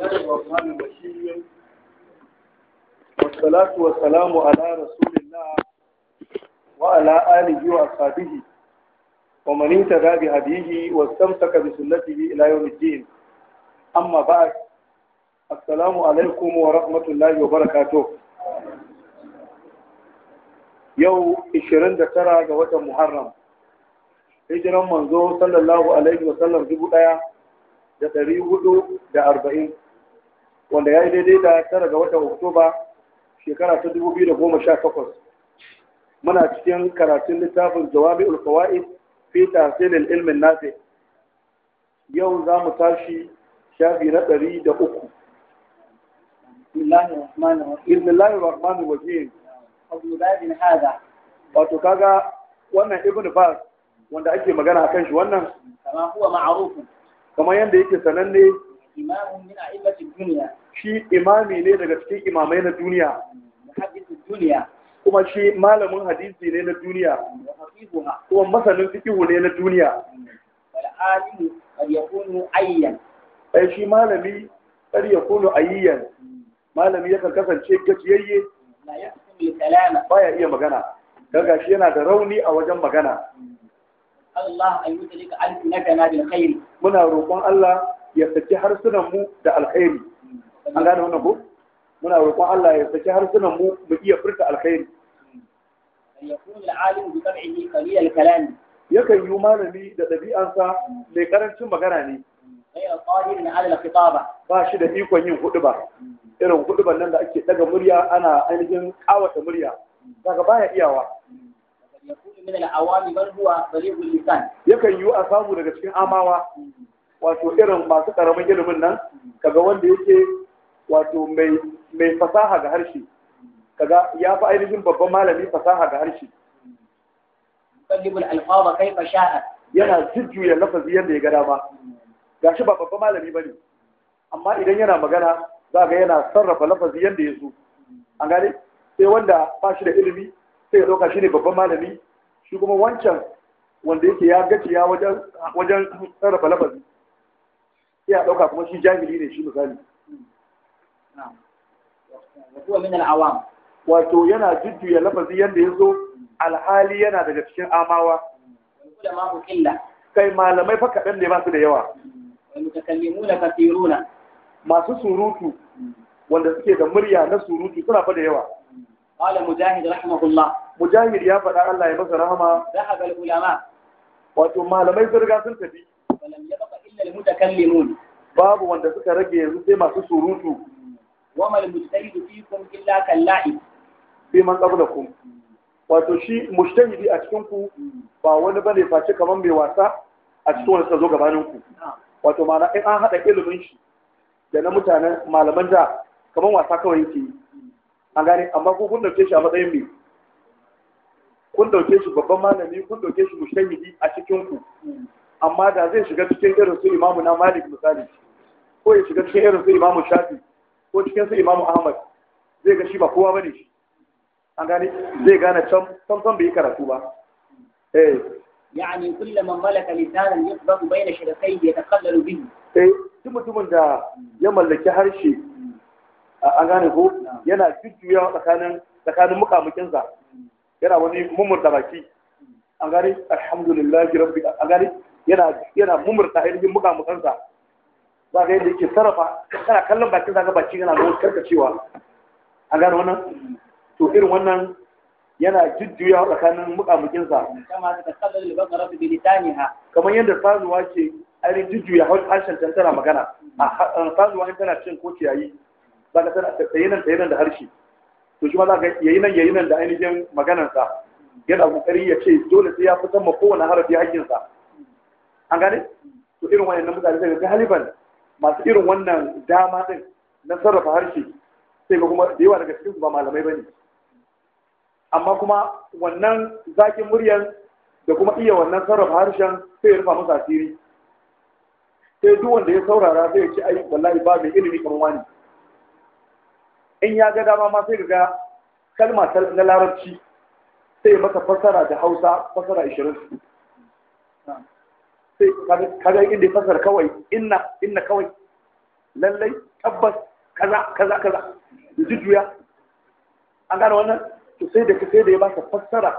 الله الرحمن الرحيم والصلاة والسلام على رسول الله وعلى آله وأصحابه ومن اهتدى بهديه واستمسك بسنته إلى يوم الدين أما بعد السلام عليكم ورحمة الله وبركاته yau 29 ga watan Muharram hijiran manzo sallallahu alaihi wa sallam dubu ɗaya da ɗari wanda ya yi daidai da tara ga watan oktoba shekara ta 2018 muna cikin karatun littafin jawabi ulkawai fi tasirin ilmin nafi yau za mu tashi shafi na ɗari da uku bismillahir rahmanir wato kaga wannan ibn bas wanda ake magana kan shi wannan kama yadda ma'ruf kamar yake sananne imamun min a'immatid dunya shi imami ne daga cikin imamai na duniya muhaddithud duniya kuma shi malamin hadisi ne na duniya kuma masanin fiqhu ne na duniya wal alimu qad yakunu ayyan ai shi malami qad yakunu ayyan malami yakan kasance gajiyayye la yaqulu kalama baya iya magana kaga shi yana da rauni a wajen magana Allah an yi tsarika alfi na gana bil khairi muna roƙon Allah ya saki harsunan mu da alkhairi an gane wannan ko muna roƙon Allah ya saki harsunan mu mu iya furta alkhairi ya yakan yi malami da ɗabi'ansa mai ƙarancin magana ne ba shi da ikon yin hudu ba irin hudu nan da ake daga murya ana ainihin ƙawata murya daga baya iyawa ya yakan yi a samu daga cikin amawa wato irin masu karamin ilimin nan kaga wanda yake wato mai mai fasaha ga harshe kaga ya fi ainihin babban malami fasaha ga harshe yana jujjuya lafazi yadda ya ga dama ba babban malami ba ne. amma idan yana magana za ga yana sarrafa lafazi yadda ya zo an gane sai wanda ba shi da ilimi sai ya ɗauka shi ne babban malami shi kuma wancan wanda yake ya ya wajen sarrafa lafazi sai a ɗauka kuma shi jahili ne shi misali wato yana jujjuya lafazi yadda ya zo alhali yana daga cikin amawa kai malamai fa kaɗan ne ba su da yawa masu surutu wanda suke da murya na surutu suna fa da yawa qala mujahid rahimahullah mujahid ya faɗa Allah ya masa rahama dhahaba al ulama wato malamai sun riga sun tafi المتكلمون babu wanda suka rage yanzu sai masu surutu wa mal mujtahidu fikum illa kalla'i fi man qablakum wato shi mujtahidi a cikin ku ba wani bane face kamar mai wasa a cikin wani suka zo gabanin ku wato ma'ana in an hada ilimin shi da na mutanen malaman da kamar wasa kawai yake yi an gane amma ko kun dauke shi a matsayin mai kun dauke shi babban malami kun dauke shi mujtahidi a cikin ku amma da zai shiga cikin irin su imamu na malik misali ko ya shiga cikin irin su imamu shafi ko cikin su imamu ahmad zai ga shi ba kowa bane shi an gane zai gane can san san bai yi karatu ba eh yani kullu man malaka lisanan yasbahu bayna shirkayhi yatakallalu bihi eh duk mutumin da ya mallaki harshe an gane ko yana jujjuya tsakanin tsakanin mukamukinsa yana wani mummurta baki an gane alhamdulillah, rabbi an gane yana yana mumurta ainihin muka mukansa za ka yadda yake sarrafa kana kallon bakin zaka baki yana da karkacewa a gano wannan to irin wannan yana jujjuya tsakanin mukamukinsa kamar yadda sazuwa ke ainihin jujjuya harshen can tana magana a sazuwa in tana cin ko ciyayi za ka tana tsaye nan tsaye nan da harshe to shi ma za ka yayi nan yayi nan da ainihin maganarsa yana kokari ya ce dole sai ya fitar ma kowane harafi hakkinsa an gane to irin na mutane sai ga galiban masu irin wannan dama din na sarrafa harshe sai ga kuma da yawa daga cikin su ba malamai bane amma kuma wannan zakin muryan da kuma iya wannan sarrafa harshen sai ya rufa musu asiri sai duk wanda ya saurara sai ya ce ai wallahi ba mai ilimi kamar wani in ya ga dama ma sai ga kalma na larabci sai masa fassara da hausa fassara ishirin. sai kaga inda ya fasar kawai inna inna kawai lallai tabbas kaza kaza kaza da jujjuya an gane wannan to sai da sai da ya masa fassara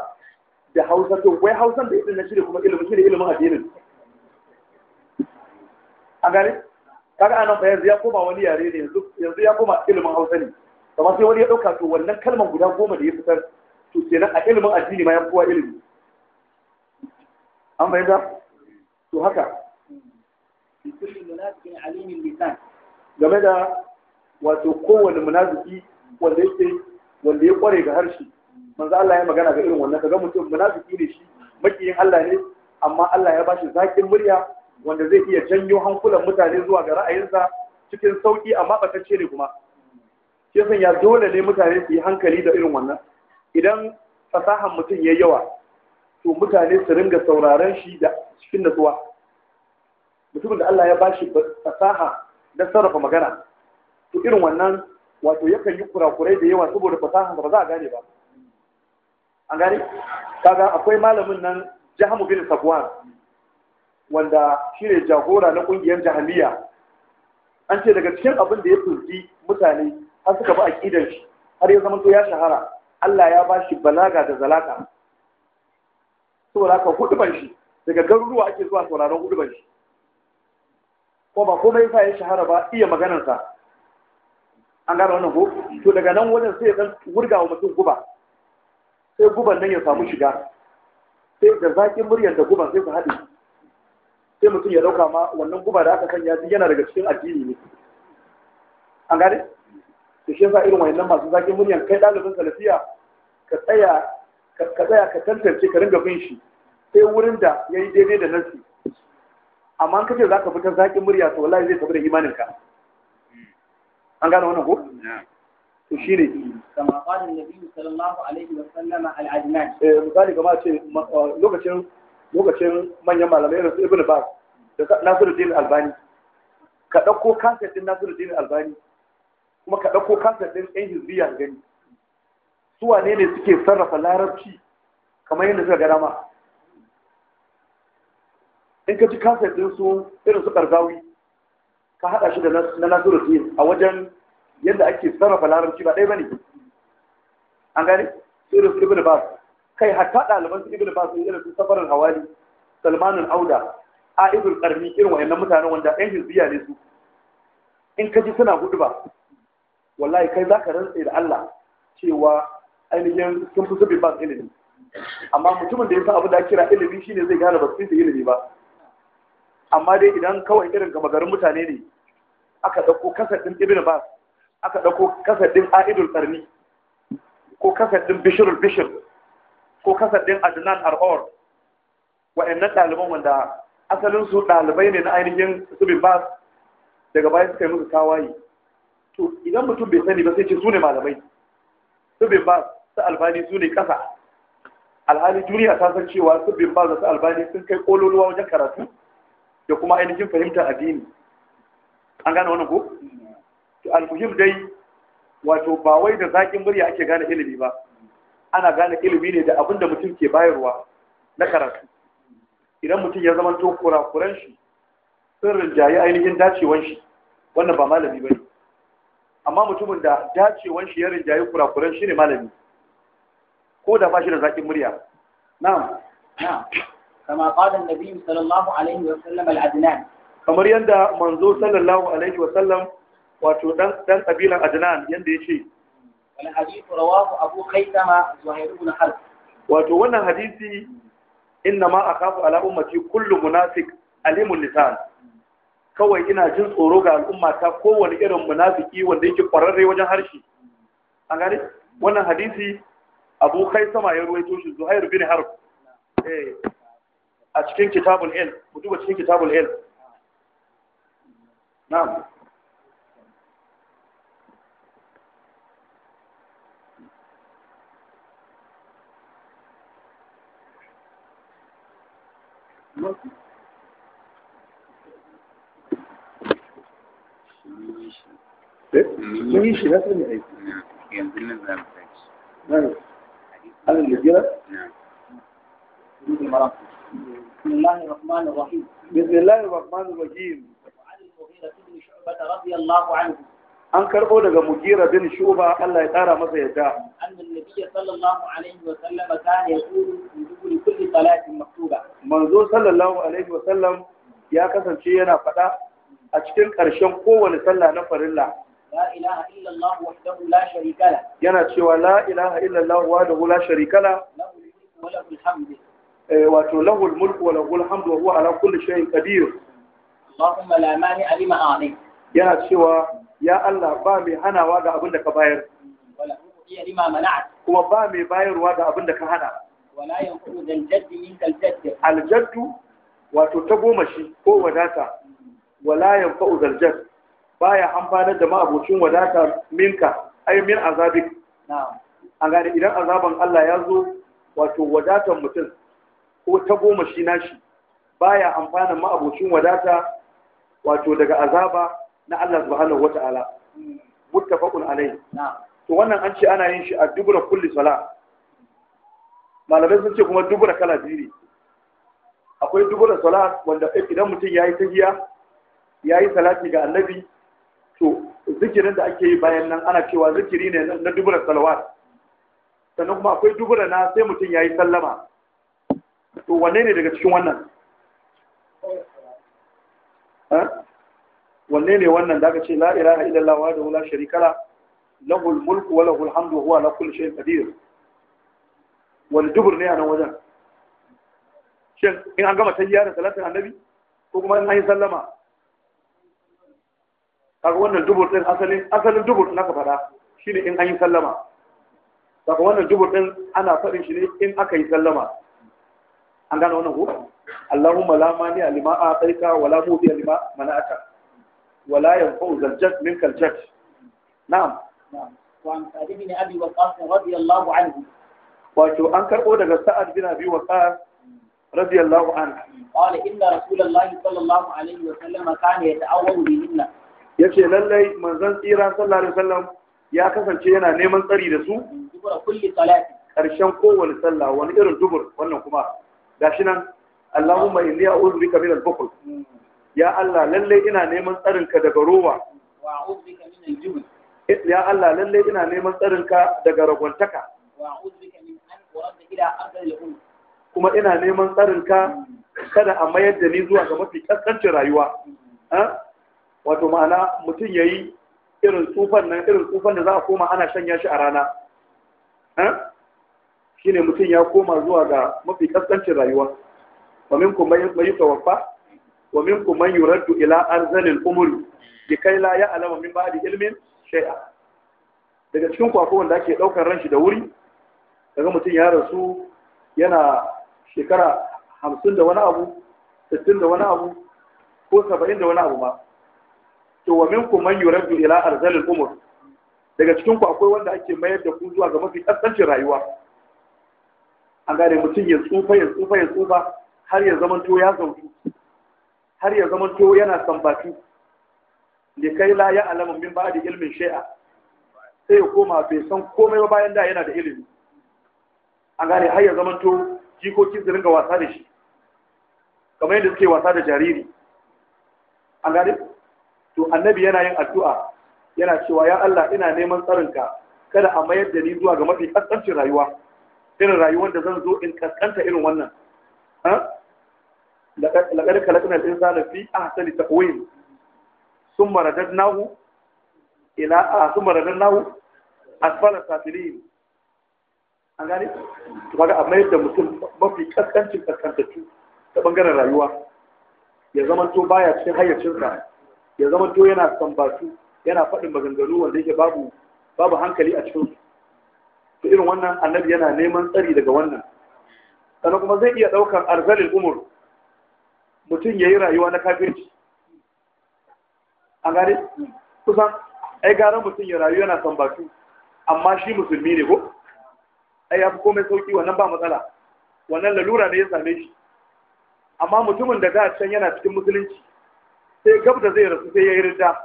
da hausa to wai hausan da irin na shirya kuma ilimin shirya ilimin addinin an gane kaga anan fa yanzu ya koma wani yare ne yanzu yanzu ya koma ilimin hausa ne kamar sai wani ya dauka to wannan kalmar guda goma da ya fitar to kenan a ilimin addini ma ya kowa ilimi an fahimta to haka game da wato kowane munafiki wanda yake wanda ya kware ga harshe manzo Allah ya magana ga irin wannan kaga mutum munafiki ne shi makiyin Allah ne amma Allah ya bashi zakin murya wanda zai iya janyo hankulan mutane zuwa ga ra'ayinsa cikin sauki amma ce ne kuma shi san ya dole ne mutane su yi hankali da irin wannan idan fasahan mutum ya yawa to mutane su ringa sauraron shi da cikin natsuwa mutumin da Allah ya ba shi fasaha don sarrafa magana to irin wannan wato yakan yi kurakurai da yawa saboda fasaha ba za a gane ba an gane kaga akwai malamin nan jahamu bin safwan wanda shi ne jagora na ƙungiyar jahamiya an ce daga cikin abin da ya turji mutane har suka bi aƙidar shi har ya zama to ya shahara Allah ya ba shi balaga da zalaka saboda haka hudu ban shi daga garuruwa ake zuwa sauraron hudubar shi ko ba komai sa ya shahara ba iya maganarsa an gane wannan ko to daga nan wajen sai ya san wurga wa mutum guba sai guban nan ya samu shiga sai da zaƙin muryar da guban sai su haɗe sai mutum ya ɗauka ma wannan guba da aka sanya shi yana daga cikin addini ne an gane to shi yasa irin wayannan masu zaƙin muryar kai ɗalibin salafiya ka tsaya ka tsaya ka tantance ka ringa bin shi sai wurin da ya yi daidai da nasi amma an kace za ka fitar zaƙin murya to wallahi zai tafi da imaninka an gane wannan ko to ne. kama qala annabi sallallahu alaihi wa sallam al ajnan eh misali kamar ce uh, lokacin lokacin manyan malamai irin su ibnu ba da nasiruddin albani ka dauko kansar din nasiruddin albani kuma ka dauko kansar din ɗan hizbiya gani su wane ne suke sarrafa larabci kamar yadda suka ga dama in ka ci kansar din su irin su karzawi ka haɗa shi da na nasiru a wajen yadda ake sarrafa larabci ba ɗaya ba ne an gane irin su ibn bas kai hatta ɗaliban su ibn bas irin su safarin hawali salmanin auda a ibn ƙarni irin wa'annan mutanen wanda ɗan hizbiya ne su in ka ji suna gudu ba wallahi kai za ka rantse da Allah cewa ainihin sun fi bas ilimi amma mutumin da ya sa abu da kira ilimi shine zai gane ba su ilimi ba amma dai idan kawai irin gama garin mutane ne aka ɗauko kasadin ibn bas aka ɗauko kasadin a'idul karni ko kasadin bishirul bishir ko kasadin adnan ar'or wa'annan ɗaliban wanda asalin su ɗalibai ne na ainihin subin bas daga baya suka yi musu tawaye to idan mutum bai sani ba sai ce su ne malamai ibn bas su albani su ne ƙasa alhali duniya ta san cewa ibn bas da su albani sun kai ƙololuwa wajen karatu da kuma ainihin fahimtar addini an gane wani ko al'fahim dai wato ba wai da zaƙin murya ake gane ilimi ba ana gane ilimi ne da abin da mutum ke bayarwa na karatu idan mutum ya zamanto kurakuran shi sirrin jayi ainihin dacewan shi wannan ba malami ba ne amma mutumin da dacewan shi ya rinjayi kurakuran shi ne malami ko da ba shi da zaƙin murya na'am كما قال النبي صلى الله عليه وسلم العدنان kamar yadda manzo sallallahu alaihi wa sallam wato dan dan kabilan Adnan yanda yace wal hadithu rawahu Abu Khaisama Zuhair ibn Harb wato wannan hadisi inna ma akafu ala ummati kullu munafiq alimul lisan kawai ina jin tsoro ga al'umma ta kowane irin munafiki wanda yake kwararre wajen harshe an gane wannan hadisi Abu Khaisama ya ruwaito shi Zuhair bin Harb eh أتكين كتاب العلم كتب أتكين كتاب العلم نعم ماشي ماشي نعم هذا اللي نعم بسم الله الرحمن الرحيم an karbo daga mugira bin shuba Allah ya tsara masa yadda annan nabiy sallallahu alaihi wa sallam kana yaqulu fi duburi kulli salatin maktuba manzo sallallahu alaihi wa sallam ya kasance yana fada a cikin karshen kowane sallah na farilla la ilaha illallah wahdahu la sharika la yana cewa la ilaha illallah wahdahu la sharika la Eh, wato lahul mulku wa lahul hamdu wa huwa ala kulli shay'in qadir Allahumma la mani alima a'ti yana cewa ya Allah ba mai hanawa ga abin da ka bayar wala uqi lima mana'at kuma ba mai bayarwa ga abin da ka hana wala yanqudu dal jaddi min kal jaddi al wato ta goma shi ko wadata wala yanfa'u dal jadd baya amfanar da ma'abocin wadata minka ai min azabik na'am an gane idan azaban Allah ya zo wato wadatan mutum ko ta goma shi nashi baya amfanan ma'abocin wadata wato daga azaba na Allah subhanahu wata'ala muttafaqun alayhi to wannan an ce ana yin shi a dubura kulli sala malamai sun ce kuma dubura kala biri akwai dubura sala wanda idan mutum yayi tahiya yayi salati ga annabi to zikirin da ake yi bayan nan ana cewa zikiri ne na dubura salawat sannan kuma akwai dubura na sai mutum yayi sallama to wanne ne daga cikin wannan wanne ne wannan da aka ce la a idan wa da wula sharika la lahul mulku wa lahul hamdu wa huwa ala kulli shay'in qadir wal dubur ne a nan wajen shin in an gama tahiyya da salatin annabi ko kuma in an yi sallama kaga wannan dubur din asalin asalin dubur na aka fada shine in an yi sallama kaga wannan dubur din ana faɗin shi ne in aka yi sallama an gane wannan ko Allahumma la mani alima a tsaika wala mubi alima mana'ata wala yanfa'u zaljat min kaljat na'am وعن سعد بن ابي وقاص رضي الله عنه wato an karbo daga sa'ad bin abi waqas radiyallahu anhu qala inna rasulullahi sallallahu alaihi wa sallam kana yata'awwadu bihinna yace lallai manzon tsiran sallallahu alaihi sallam ya kasance yana neman tsari da su dubura kulli salati karshen kowane sallah wani irin dubur wannan kuma gashi nan Allahumma inni a'udhu bika min al-bukhl ya Allah lalle ina neman tsarinka daga ruwa wa a'udhu bika min al-jubn ya Allah lalle ina neman tsarinka daga ragwantaka wa a'udhu bika min an ila kuma ina neman tsarinka kada a mayar da ni zuwa ga mafi kaskancin rayuwa wato ma'ana mutum yayi irin tsufan nan irin tsufan da za a koma ana shanya shi a rana shine mutum ya koma zuwa ga mafi kaskancin rayuwa wa minkum man yutawaffa wa minkum man yuraddu ila arzalil umuri kai la ya'lamu min ba'di ilmin shay'a daga cikin kwako wanda ake daukar ranshi da wuri daga mutum ya rasu yana shekara hamsin da wani abu sittin da wani abu ko saba'in da wani abu ma to wa minkum man yuraddu ila arzalil umur daga cikin ku akwai wanda ake mayar da ku zuwa ga mafi kaskancin rayuwa an gane mutum ya tsufa ya tsufa ya tsufa har ya to ya zautu har ya to yana sambatu da kai la ya alamun min ba da ilmin shai'a sai ya koma bai san komai ba bayan da yana da ilimi an gane har ya to jikoki su ringa wasa da shi kamar yadda suke wasa da jariri an gane to annabi yana yin addu'a yana cewa ya Allah ina neman tsarinka kada a mayar da ni zuwa ga mafi kaskancin rayuwa irin rayuwar da zan zo in kaskanta irin wannan laƙar kalakna zana fi a ahsani taqwim sun maradar nahu ila ah, a sun maradar nahu asfala safilin an gane to a mayar da mutum mafi kaskancin kaskantattu ta bangaren rayuwa ya zama to baya cikin hayyacinsa ya zama to yana sambatu yana faɗin maganganu wanda yake babu babu hankali a cikinsu ta irin wannan annabi yana neman tsari daga wannan sannan kuma zai iya ɗaukar arzalin umur mutum ya yi rayuwa na kafirci a gane kusan ai gara mutum ya rayu yana sambatu amma shi musulmi ne ko ai ya fi komai sauki wannan ba matsala wannan lalura ne ya same shi amma mutumin da ga can yana cikin musulunci sai gab da zai rasu sai ya yi rida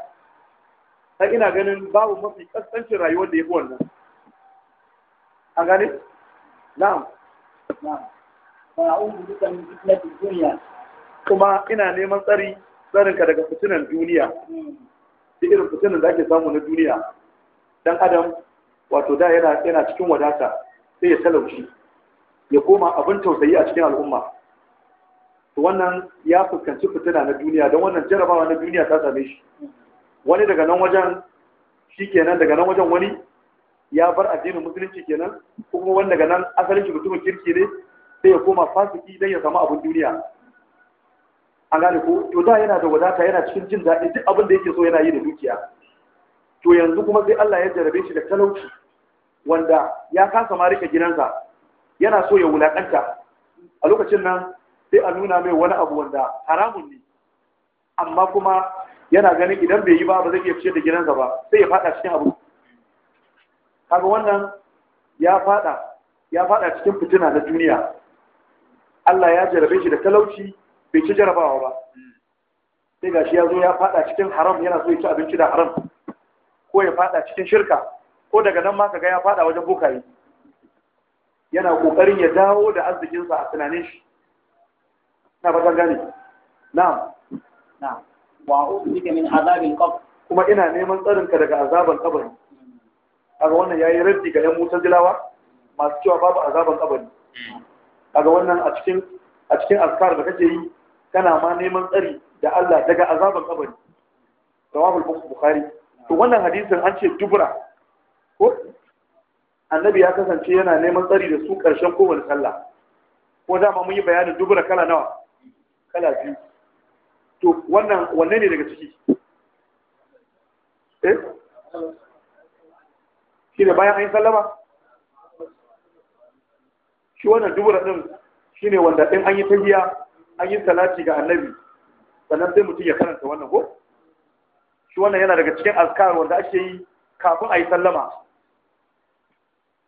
Ta ina ganin babu mafi kaskancin rayuwar da ya fi wannan a gane na'am kuma ina neman tsari ka daga fitinan duniya da irin fitinan da ake samu na duniya dan adam wato da yana yana cikin wadata sai ya talauci ya koma abin tausayi a cikin al'umma to wannan ya fuskanci fitina na duniya don wannan jarabawa na duniya ta same shi wani daga nan wajen shikenan daga nan wajen wani ya bar addinin musulunci kenan ko kuma wanda daga nan asalin shi mutumin kirki ne sai ya koma fasiki dan ya samu abin duniya an gane ko to da yana da wadata yana cikin jin daɗi duk abin da yake so yana yi da dukiya to yanzu kuma sai Allah ya jarabe shi da talauci wanda ya kasa ma rike gidansa yana so ya wulakanta a lokacin nan sai a nuna mai wani abu wanda haramun ne amma kuma yana ganin idan bai yi ba ba zai iya fice da gidansa ba sai ya faɗa cikin abu kaga wannan ya fada ya fada cikin fitina na duniya Allah ya jarabe shi da talauci bai ci jarabawa ba sai gashi ya zo ya fada cikin haram yana so ya ci abinci da haram ko ya fada cikin shirka ko daga nan ma kaga ya fada wajen bukari yana kokarin ya dawo da arzikinsa a tunanin shi na fatan gane na'am na'am wa'udhu bika min azabil qabr kuma ina neman tsarinka daga azaban kabari kaga wannan yayi raddi ga yan mutazilawa masu cewa babu azaban kabari kaga wannan a cikin a cikin azkar da kake yi kana ma neman tsari da Allah daga azaban kabari tawaful bukhari to wannan hadisin an ce dubura ko annabi ya kasance yana neman tsari da su karshen kowane sallah ko dama mun yi bayanin dubura kala nawa kala biyu to wannan wanne ne daga ciki eh shi ne bayan an yi sallama shi wannan dubura ɗin shi ne wanda ɗin an yi tahiya an yi salati ga annabi sannan sai mutum ya karanta wannan ko shi wannan yana daga cikin azkar wanda ake yi kafin a yi sallama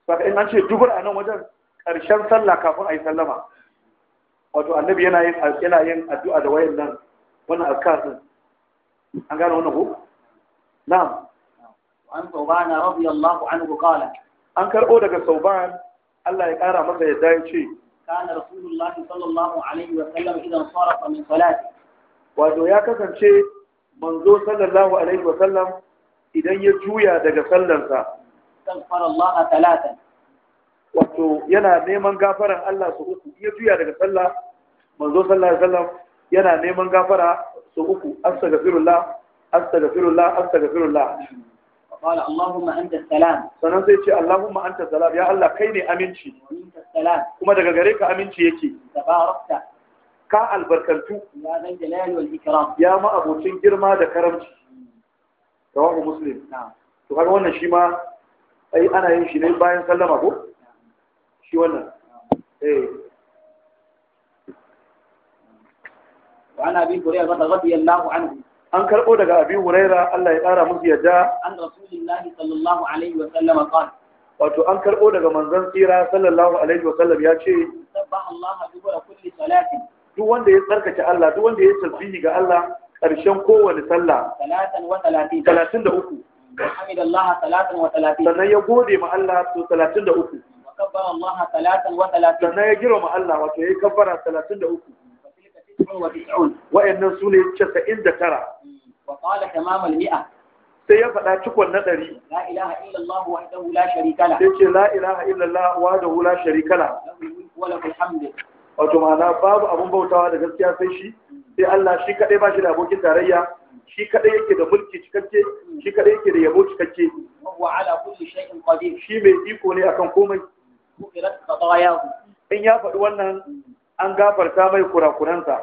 saka in an ce dubura a nan wajen ƙarshen sallah kafin a yi sallama wato annabi yana yin yana yin addu'a da wayan nan wannan azkar din an gane wannan ko na'am وعن ثوبان رضي الله عنه قال أنكر أودك ثوبان الله يقارى متى يدعي كان رسول الله صلى الله عليه وسلم إذا انصرف من صلاته wato ya kasance manzo sallallahu alaihi wa sallam idan ya juya daga sallarsa astaghfirullah talatan wato yana neman gafaran Allah su uku ya juya daga sallah manzo sallallahu alaihi wa yana neman gafara su uku astaghfirullah astaghfirullah astaghfirullah فقال اللهم السلام sannan sai ce Allahumma anta salam ya Allah kai ne aminci kuma daga gare ka aminci yake tabarakta ka albarkantu ya zan jalali wal ikram ya ma abocin girma da karamci rawahu muslim to kaga wannan shi ma ai ana yin shi ne bayan sallama ko shi wannan eh وعن ابي هريره رضي الله عنه an karbo daga abi huraira Allah ya kara musu yadda an rasulullahi sallallahu alaihi wa sallam qala wato an karbo daga manzon tsira sallallahu alaihi wa sallam ya ce sabbaha Allah dubura kulli salatin duk wanda ya tsarkake Allah duk wanda ya tasbihi ga Allah karshen kowane sallah salatan wa talatin da uku hamid Allah salatan wa talatin. sannan ya gode ma Allah to talatin da uku wa kabbara Allah salatan wa talatin. sannan ya girma Allah wato ya yi kabbara talatin da uku wa'annan su ne da tara. wa qala tamam sai ya faɗa cikon na ɗari Ya ce, illallah wahdahu la sharika la yace ilaha illallah wahdahu la sharika la wato ma'ana babu abun bautawa da gaskiya sai shi sai Allah shi kadai ba shi da abokin tarayya shi kadai yake da mulki cikakke shi kadai yake da yabo cikakke shi mai iko ne akan komai in ya faɗi wannan an gafarta mai kurakuransa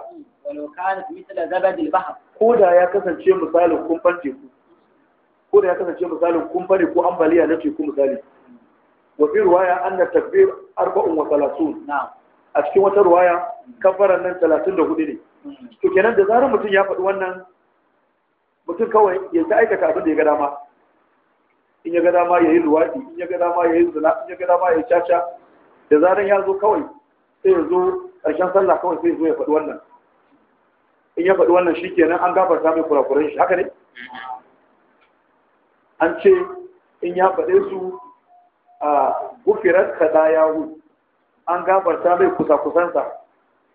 walau kanat mithla zabad al-bahr ko da ya kasance misalin kumfan teku ko da ya kasance misalin kumfani ko ambaliya na teku misali wa fi ruwaya anna takbir arba'un wa salasun a cikin wata ruwaya kafaran nan talatin da hudu ne mm-hmm. to kenan da zarar mutum ya faɗi wannan mutum kawai ya ta aikata abin da ya ga dama in ya ga dama ya yi luwaɗi in ya ga dama ya yi zina in ya ga dama ya yi caca da zarar ya zo kawai sai ya zo ƙarshen sallah kawai sai ya zo ya faɗi wannan in ya faɗi wannan shi kenan an gafarta mai kurakuran shi haka ne an ce in ya faɗe su a gufirar kaza ya hu an gafarta mai kusa-kusansa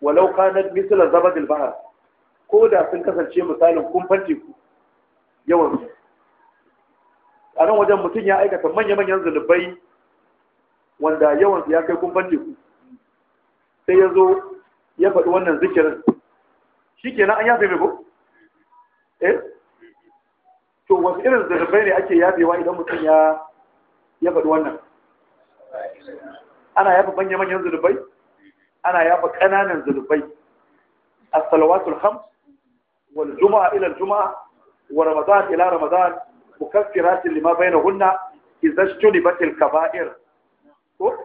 walau kanar misalar zabadil bahar ko da sun kasance misalin kumfan teku yawan su a nan wajen mutum ya aikata manya-manyan zunubai wanda yawan su ya kai kumfan teku sai ya zo ya faɗi wannan zikirin shikenan an yafe mai ko eh to wasu irin zarafai ne ake yafewa idan mutum ya ya faɗi wannan ana yafa manya-manyan zulubai ana yafa ƙananan zulubai as-salawatul khams wal juma'a ila juma'a wa ramadan ila ramadan mukaffiratin lima bainahunna idza ijtanibat al-kaba'ir ko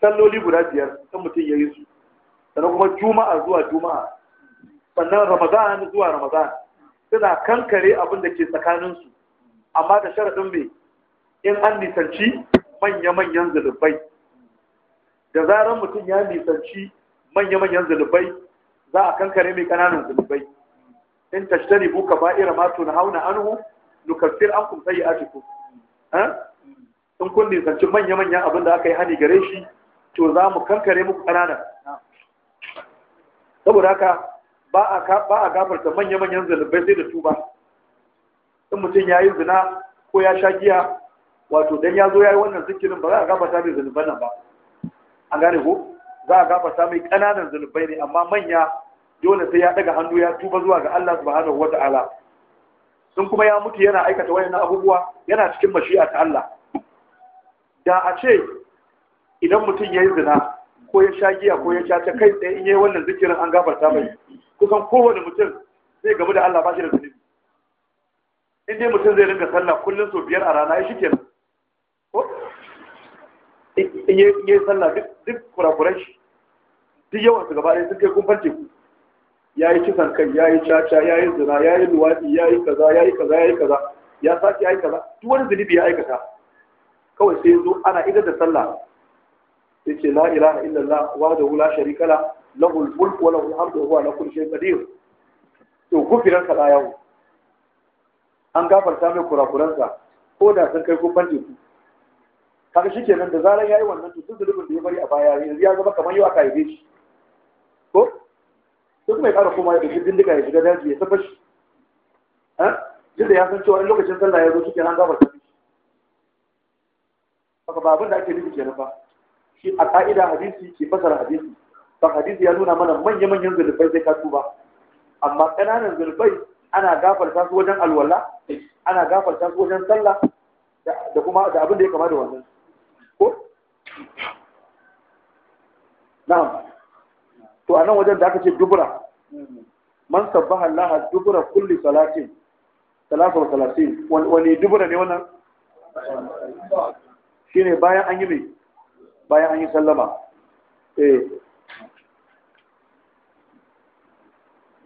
salloli guda biyar kan mutum yi su sannan kuma juma'a zuwa juma'a sannan ramadan zuwa ramadan suna kankare abin da ke tsakaninsu amma da sharaɗin mai in an nisanci manya-manyan zulubai da zarar mutum ya nisanci manya-manyan zulubai za a kankare mai ƙananan zulubai in tashtari buka ba'ira ma hau hauna anhu nukaffir an kun sayi atiku eh? in kun nisanci manya-manyan abin da aka yi hani gare shi to za mu kankare muku ƙananan saboda haka ba a gafarta manya-manyan zalibai sai da tuba in mutum ya yi zina ko ya sha giya wato don ya zo ya yi wannan zikirin ba za a gafarta mai zalibai nan ba A gane ko za a gafarta mai ƙananan zalibai ne amma manya dole sai ya daga hannu ya tuba zuwa ga Allah subhanahu wata'ala sun kuma ya mutu yana aikata wayannan abubuwa yana cikin mashi'a ta Allah da a ce idan mutum ya yi zina ko ya sha giya ko ya sha ta kai tsaye in yi wannan zikirin an gafarta mai kusan kowane mutum zai gamu da Allah ba shi da zunubi in dai mutum zai rinka sallah kullum sau biyar a rana ya shi nan ko in yi sallah duk kurakuran shi duk yawan su gaba ɗaya sun kai kumfar teku ya yi kisan kai ya yi caca ya yi zina ya yi luwaɗi ya yi kaza ya yi kaza ya yi kaza ya sake ya yi kaza duk wani zunubi ya aikata kawai sai zo ana idar da sallah sai ce la ilaha illallah wa da wula sharika kala. Lahul al-mulk wa lahu al-hamdu wa huwa ala kulli shay'in qadir to gufiran ka bayan an gafarta mai kurakuransa ko da sun kai gufan teku kaga shi kenan da zarar yayi wannan to duk zulubin da ya bari a baya yanzu ya zama kamar yau aka yi shi ko sai kuma ya ƙara koma ya ɗauki bindiga ya shiga daji ya taɓa shi eh? duk da ya san cewa in lokacin sallah ya zo shi kenan gafarta shi haka ba abin da ake nufi kenan ba shi a ƙa'ida hadisi ke fasara hadisi Ban hadisi ya nuna mana manya-manyan zunubai sai ka ba amma ƙananan zunubai ana gafarta su wajen alwala ana gafarta su wajen sallah da kuma da abin da ya kama da wannan ko na'am to a nan wajen da aka ce dubura man sabbaha Allah dubura kulli salatin salatu wa salatin wani dubura ne wannan shine bayan an yi mai bayan an yi sallama eh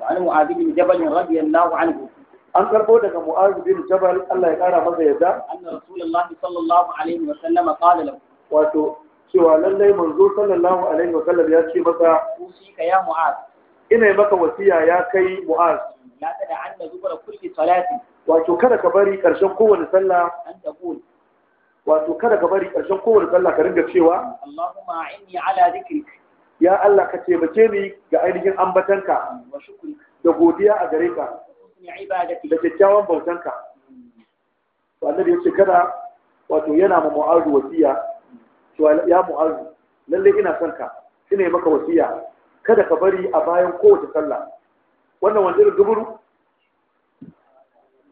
وعن معاذ بن جبل رضي الله عنه an karbo daga Mu'az bin Jabal Allah ya kara masa yadda anna Rasulullah sallallahu alaihi wa sallam qala lahu wato cewa lallai manzo sallallahu alaihi wa sallam ya ce masa usika ya Mu'az ina yi maka wasiya ya kai Mu'az la tada anna zubra kulli salati wato kada ka bari karshen kowane sallah an taqul wato kada ka bari karshen kowanne sallah ka ringa cewa Allahumma inni ala dhikrik ya Allah ka taimake ni ga ainihin ambatanka da godiya a gare ka da kyakkyawan bautanka wanda ya ce kada wato yana ma mu'azu wasiya to ya mu'azu lalle ina son ka ina maka wasiya kada ka bari a bayan kowace sallah wannan wanda da duburu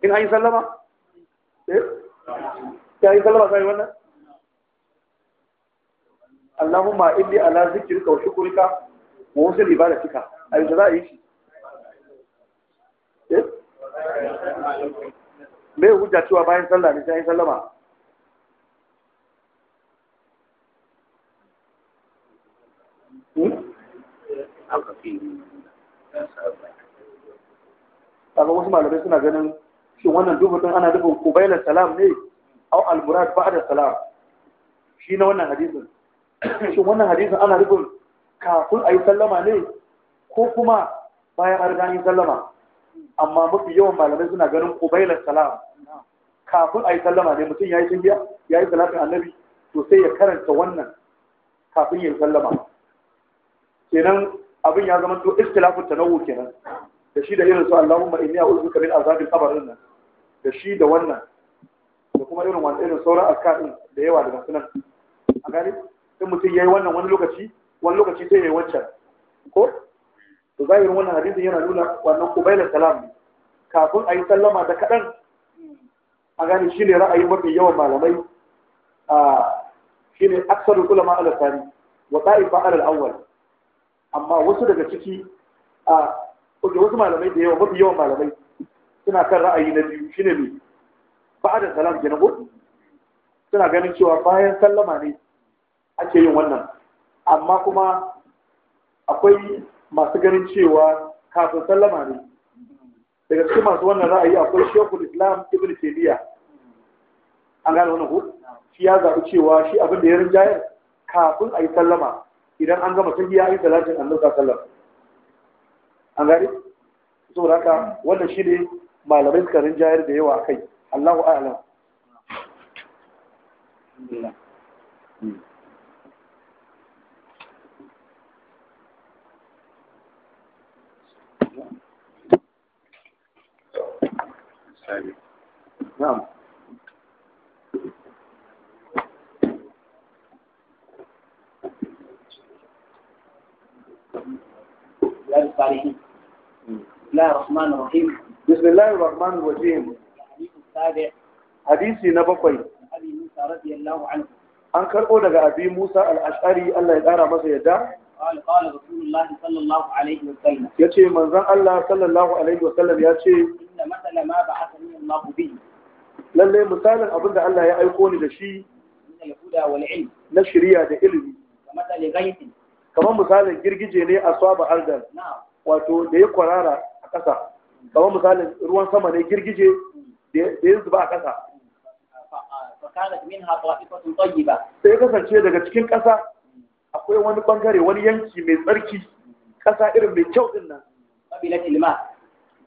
in an yi sallama eh ta yi sallama sai wannan Allahumma inni ala zikrika wa shukrika wa husnul ibadatika ai da za a yi shi eh me hujja cewa bayan sallah ne sai sallama hmm? kaga wasu malamai suna ganin shi wannan dubu dubutun ana nufin kubailar salam ne au al-murad ba'da salam shi na wannan hadisin shin wannan hadisin ana nufin kafin a yi sallama ne ko kuma bayan an riga sallama amma mafi yawan malamai suna ganin qubailat salama. kafin a yi sallama ne mutum ya yi tafiya ya yi salatin annabi to sai ya karanta wannan kafin ya yi sallama kenan abin ya zama to ta tanawwu kenan da shi da irin su Allahumma inni a'udhuka min azabil qabr nan da shi da wannan da kuma irin wannan irin sauran azkar da yawa daga sunan a gani in mutum ya yi wannan wani lokaci wani lokaci sai ya yi wancan ko to zahirin wannan hadisin yana nuna wannan kubailar salam ne kafin a yi sallama da kaɗan a gane shi ne ra'ayin mafi yawan malamai a shi ne aksarul ulama ala sani wa ta'ifa ala awwal amma wasu daga ciki a wasu malamai da yawa mafi yawan malamai suna kan ra'ayi na biyu shine ne da salam kenan ko suna ganin cewa bayan sallama ne ake yin wannan amma kuma akwai masu ganin cewa kafin sallama ne daga cikin masu wannan ra'ayi akwai shekul islam ibn taymiya an gane wannan ko shi ya zaɓi cewa shi abin da ya rinjayar kafin a yi sallama idan an gama sun biya yi salatin lauka sallar. an gane saboda haka wannan shi ne malamai suka rinjayar da yawa a kai Allahu Mm-hmm. na'am بسم الله الرحمن الرحيم بسم an karɓo daga abi musa al'ashari allah ya ƙara masa yadda ya ce manzan allah sallallahu alaihi wasallam ya ce anna ma lalle misalin abin da Allah ya aiko ni da shi na shirya da ilimi kamar misalin girgije ne a swaba ardal wato da ya kwarara a ƙasa kamar misalin ruwan sama ne girgije da ya zuba a ƙasa sai kasance daga cikin ƙasa akwai wani bangare wani yanki mai tsarki ƙasa irin mai kyau din nan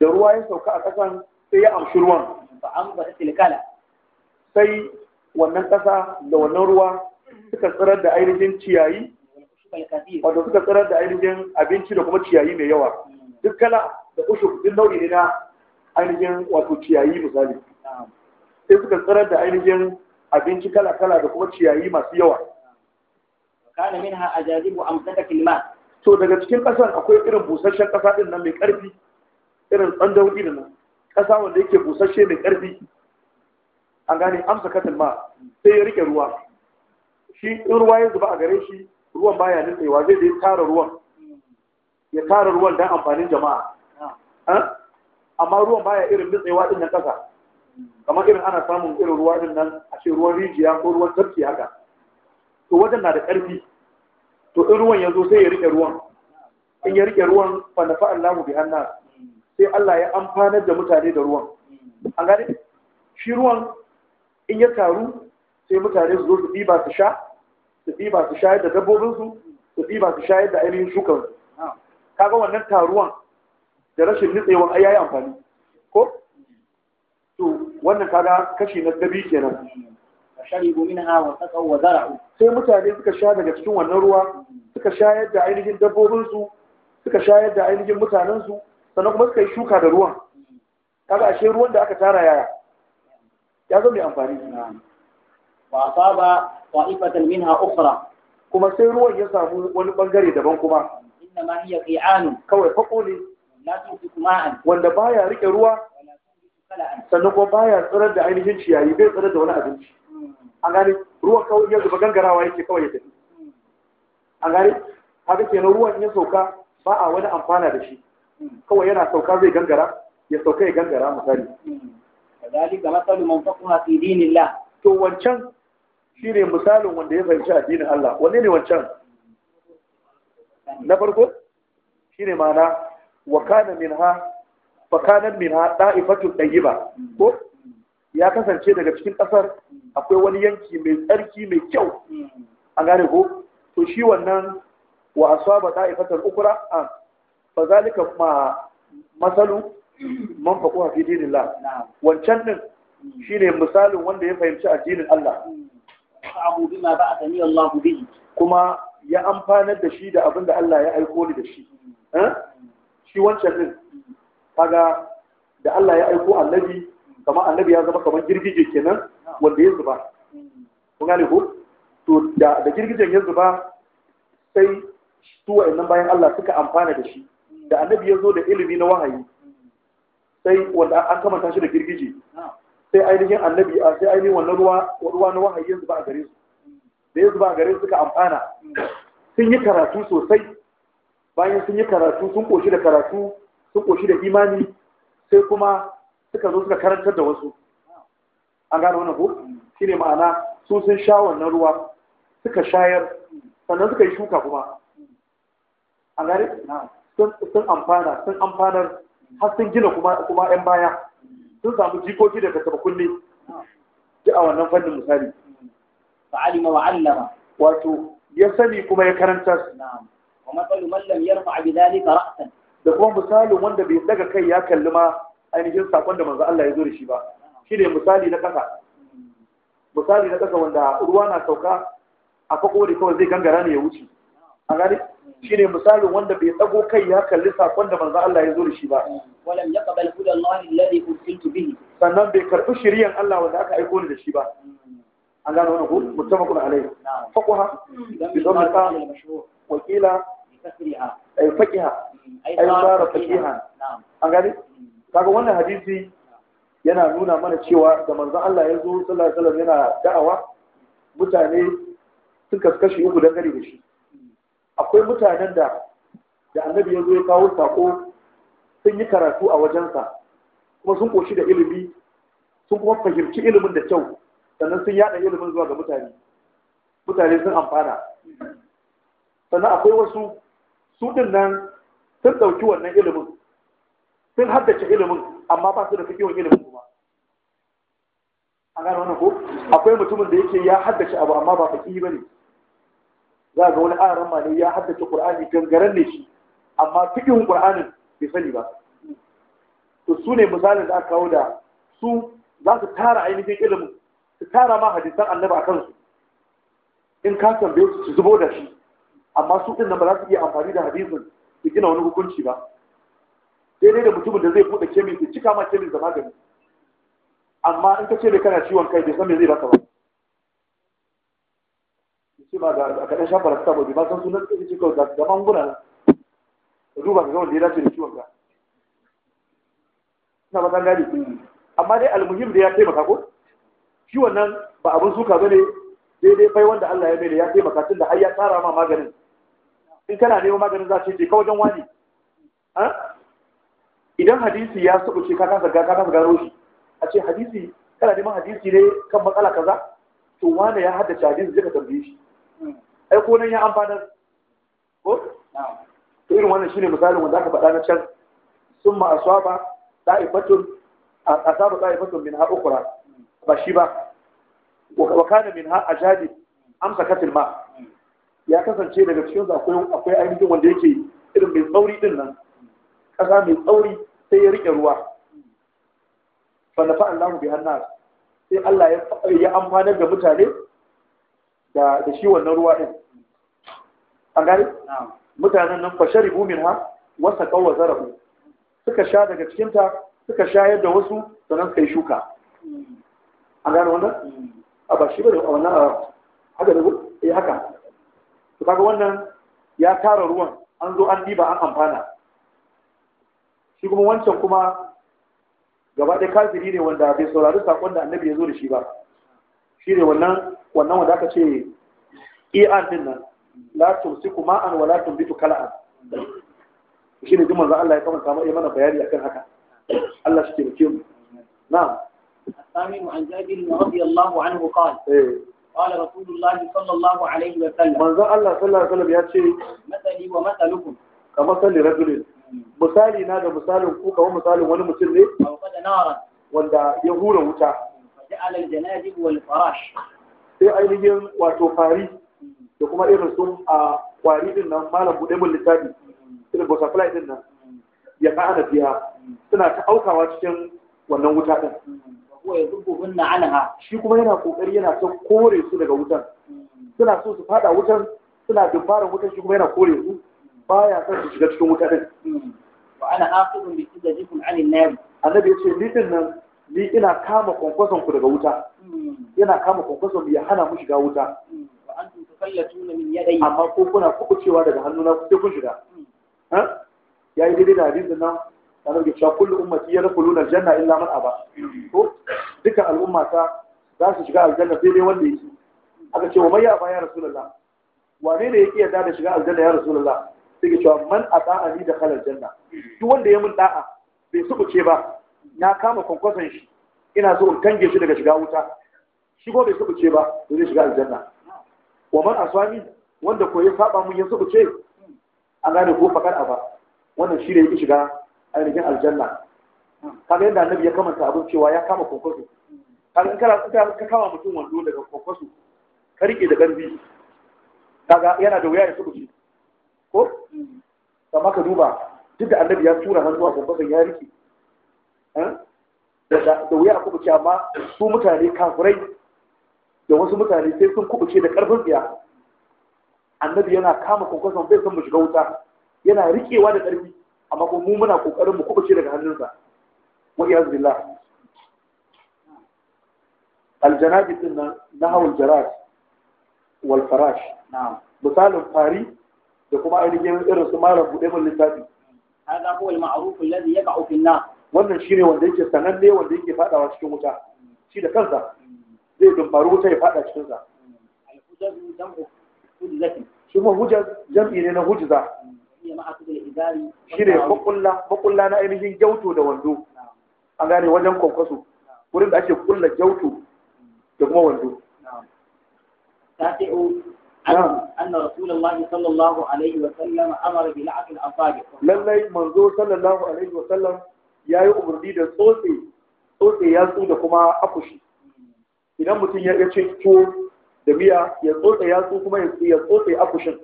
da ruwa ya sauka a ƙasan sai ya amshi ruwan ba an bada tilkala sai wannan ƙasa da wannan ruwa suka tsirar da ainihin ciyayi wato suka tsirar da ainihin abinci da kuma ciyayi mai yawa duk kala da ushuk duk nau'i ne na ainihin wato ciyayi misali sai suka tsirar da ainihin abinci kala-kala da kuma ciyayi masu yawa kana min ha ajazibu amsaka kilma to daga cikin ƙasan akwai irin busasshen ƙasa din nan mai ƙarfi irin tsandauri da nan ƙasa wanda yake busasshe mai ƙarfi an gane amsa katin ma sai ya rike ruwa shi in ruwa ya zuba a gare shi ruwan baya nutsewa zai da tara ruwan ya tara ruwan don amfanin jama'a ah. amma ruwan baya irin nutsewa din nan ƙasa kamar irin ana samun irin ruwa din nan a ce ruwan rijiya ko ruwan tafki haka to wajen na da ƙarfi to in ruwan ya zo sai ya rike ruwan in ya rike ruwan fa nafa Allahu bi hannas sai Allah ya amfanar da mutane da ruwan an gane shi ruwan in ya taru sai mutane su zo su ɗiba su sha su ɗiba su shayar da dabbobinsu su ɗiba su shayar da ainihin Ka kaga wannan taruwan da rashin nutsewan ai yayi amfani ko to wannan kaga kashi na dabi kenan sharibu minha wa taqaw wa zara'u sai mutane suka sha daga cikin wannan ruwa suka shayar da ainihin dabbobinsu suka shayar da ainihin mutanensu sannan kuma suka yi shuka da ruwan kaga ashe ruwan da aka tara yaya ya zo mai amfani wa asaba ta'ifatan minha ukhra kuma sai ruwan ya samu wani bangare daban kuma inna ma hiya qi'an kawai fako ne wanda baya rike ruwa sannan kuma baya tsirar da ainihin ciyayi bai tsirar da wani abinci an gane ruwan kawai ya zuba gangarawa yake kawai ya tafi an gane haka kenan ruwan ya sauka ba a wani amfana da shi kawai yana sauka zai gangara ya sauka ya gangara misali kadhalika masalu man faqaha fi dinillah to wancan shine misalin wanda ya fahimci addinin Allah wanne ne wancan na farko shine ma'ana wa kana minha fa kana minha da'ifatu tayyiba ko ya kasance daga cikin kasar akwai wani yanki mai tsarki mai kyau an gane ko to shi wannan wa asaba da'ifatul ukra an fa zalika ma masalu man faquha fi dinillah wancan din shine misalin wanda ya fahimci addinin Allah fa'ahu bima ba'athani Allah bihi kuma ya amfanar da shi da abinda Allah ya aiko ni da shi shi wancan din kaga da Allah ya aiko annabi kama annabi ya zama kamar girgije kenan wanda ya zuba kun gane ko to da girgijen ya zuba sai su wa'annan bayan Allah suka amfana da shi da annabi ya zo da ilimi na wahayi sai wanda an kamanta shi da girgije sai ainihin annabi a sai ainihin wannan ruwa ruwa na wahayi yanzu ba a gare su da yanzu ba a gare su suka amfana sun yi karatu sosai bayan sun yi karatu sun koshi da karatu sun koshi da imani sai kuma suka zo suka karantar da wasu an gane wannan ko shine ma'ana su sun sha wannan ruwa suka shayar sannan suka yi shuka kuma an gane na'am sun amfana sun amfanar har sun gina kuma 'yan baya sun samu jikoki daga tabakulli ji a wannan fannin misali alima wa allama wato ya sani kuma ya karantar wa matsalu ya rufa yarfa bi dhalika ra'asan da kuma misalin wanda bai daga kai ya kalli ma ainihin sakon da manzo Allah ya zo da shi ba ne misali na kasa misali na kasa wanda ruwa na sauka a kwakwari kawai zai gangara ne ya wuce a gani shine misalin wanda bai tsago kai ya kalli sakon da manzo Allah ya zo da shi ba walam yaqbal huda Allah alladhi ursiltu bihi sannan bai karbi shiriyan Allah wanda aka aiko ni da shi ba an gano wannan ko muttafaqun alai faqaha bidon ta wa qila ay faqiha ay sara faqiha an gani hmm. kaga wannan hadisi yana nuna mana cewa da manzon Allah ya zo sallallahu alaihi wasallam yana da'awa mutane sun kaskashi uku dangane da shi akwai mutanen da da annabi ya zo ya kawo sako sun yi karatu a wajensa kuma sun koshi da ilimi sun kuma fahimci ilimin da kyau sannan sun yada ilimin zuwa ga mutane mutane sun amfana sannan akwai wasu su din nan sun ɗauki wannan ilimin sun haddace ilimin amma ba su da kiwon ilimin kuma a gano wannan ko akwai mutumin da yake ya haddace abu amma ba ba ne. za ga wani aran ne ya haddace qur'ani gangaren ne shi amma fiqhin qur'ani bai sani ba to su ne misalin da aka kawo da su za su tara ainihin ilimin su tara ma hadisan annabi a kansu in ka tambaye su su zubo da shi amma su din nan ba za su iya amfani da hadisin su gina wani hukunci ba daidai da mutumin da zai buɗe kemin su cika ma kemin da magani amma in ka ce mai kana ciwon kai bai san me zai baka ba sai ba ga kaɗan shafa rasta ba bai ba san sunan sai ce ga manguna ka duba ka gama da ya dace da ciwon ka ina ba san gani amma dai almuhim da ya taimaka ko shi nan ba abin suka bane daidai bai wanda Allah ya mai ya taimaka tun da har ya tsara ma maganin in kana neman maganin za ce je ka wajen wani idan hadisi ya saba ce ka kasa ga ka kasa gano shi a ce hadisi kana neman hadisi ne kan matsala kaza to wanda ya haddace hadisi zai ka tambaye shi ai nan ya amfanar ko to irin wannan shine misalin wanda aka faɗa na can sun ma asaba da'ifatun asaba da'ifatun min ha ukra ba shi ba wa kana min ha ajadi amsa katil ma ya kasance daga cikin akwai akwai ainihin wanda yake irin mai tsauri din nan kasa mai tsauri sai ya rike ruwa fa nafa Allahu bi annas sai Allah ya amfanar da mutane da shi wannan ruwa ɗin. an gani mutanen nan fa sharibu ha, wasa ƙawa wa suka sha daga cikinta, suka shayar da wasu sannan suka yi shuka an gani wannan mm. a ba shi ba da wannan a haka da eh haka to kaga wannan ya tara ruwan an zo an diba an amfana shi kuma wancan kuma gaba ɗaya kafiri ne wanda bai saurari saƙon da annabi ya zo da shi ba shine wannan wannan wanda aka ce ER din nan la ma'an wa la tumbitu kala'an shine duk manzo Allah ya kamanta mai mana bayani akan haka Allah shi ke biyo na'am asami an jabir radiyallahu anhu qala قال رسول الله صلى الله عليه وسلم من ذا الله صلى الله عليه وسلم ياتي مثلي ومثلكم كمثل رجل مثالي نادى مثال كوكا ومثال ولا مثل ايه؟ اوقد نارا ولا يهول وتا على الجنادب والفراش sai ainihin wato fari da kuma irin sun a kwari din nan malam buɗe mun littafi irin butterfly din nan ya ana biya suna ta aukawa cikin wannan wuta din shi kuma yana kokari yana son kore su daga wutan suna so su fada wutan suna dubaran wutan shi kuma yana kore su baya son su shiga cikin wuta din wa ana aqidun bi kidajikum anin nar annabi yace ni din nan ni ina kama kwankwason ku daga wuta hmm. Ina kama kwankwason ya hana mu shiga wuta hmm. amma ko kuna cewa daga hannuna ku sai kun shiga hmm. ya yi daidai da hadisin nan da nake cewa kullu ummati yadkhuluna aljanna illa man aba ko duka al'umma ta za su shiga aljanna sai dai wanda yake aka ce wa mai aba ya rasulullah wane ne yake yarda da shiga aljanna ya rasulullah sai ke cewa man ata'ani da khala janna. duk wanda ya mun da'a bai subuce ba na kama kwankwason shi ina so in kange shi daga shiga wuta ko bai subuce ba to zai shiga aljanna wa man aswami wanda koyi saba mun ya subuce an gane ko fakar aba wannan shi ne yake shiga ainihin aljanna kaga yadda annabi ya kamanta abin cewa ya kama kwankwaso kaga in kana ka kama mutum wando daga kwankwasu, ka rike da ganbi kaga yana da wuya ya subuce ko amma ka duba duk da annabi ya tura hannu a kwankwason ya rike Eh? da wuya a kubuce amma su mutane kafirai da wasu mutane sai sun kubuce da karfin tsiya annabi yana kama kokoson bai san mu shiga wuta yana riƙewa da ƙarfi amma ko mu muna kokarin mu kubuce daga hannunsa wa iyaz billah janabi din nan nahawul jaras wal farash na'am misalin fari da kuma ainihin irin su malam buɗe mun huwa al ma'ruf alladhi yaqa'u fi في nas wannan shine wanda yake sananne wanda yake fadawa cikin wuta shi da kansa zai dumbaru wuta ya fada cikin sa shi ma hujjar jam'i ne na hujza shi ne makulla na ainihin gyauto da wando a gane wajen kwankwaso wurin da ake kulla gyauto da kuma wando أن رسول الله صلى الله عليه وسلم أمر بلعق الأصابع. لله منظور صلى الله عليه وسلم ya yi umarni da tsotse tsotse su da kuma akushi idan mutum ya ce tuwo da miya ya tsotse yatsu kuma ya tsotse akushin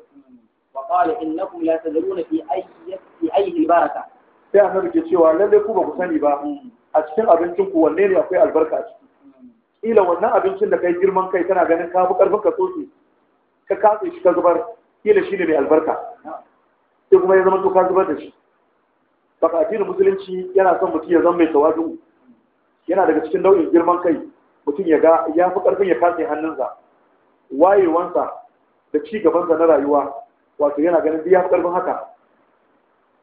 wa qala innakum la tadruna fi ayyi fi ayyi baraka sai annabi ke cewa lalle ku ba ku sani ba a cikin abincin ku wanne ne akwai albarka a ciki wannan abincin da kai girman kai kana ganin ka fi karfin ka tsotse ka shi ka zubar kila shine mai albarka sai kuma ya zama to ka zubar da shi baka addinin musulunci yana son mutum ya zama mai tawadu yana daga cikin nau'in girman kai mutum ya ga ya fi karfin ya kasa hannunsa wayewansa da ci gabansa na rayuwa wato yana ganin duk ya fi karfin haka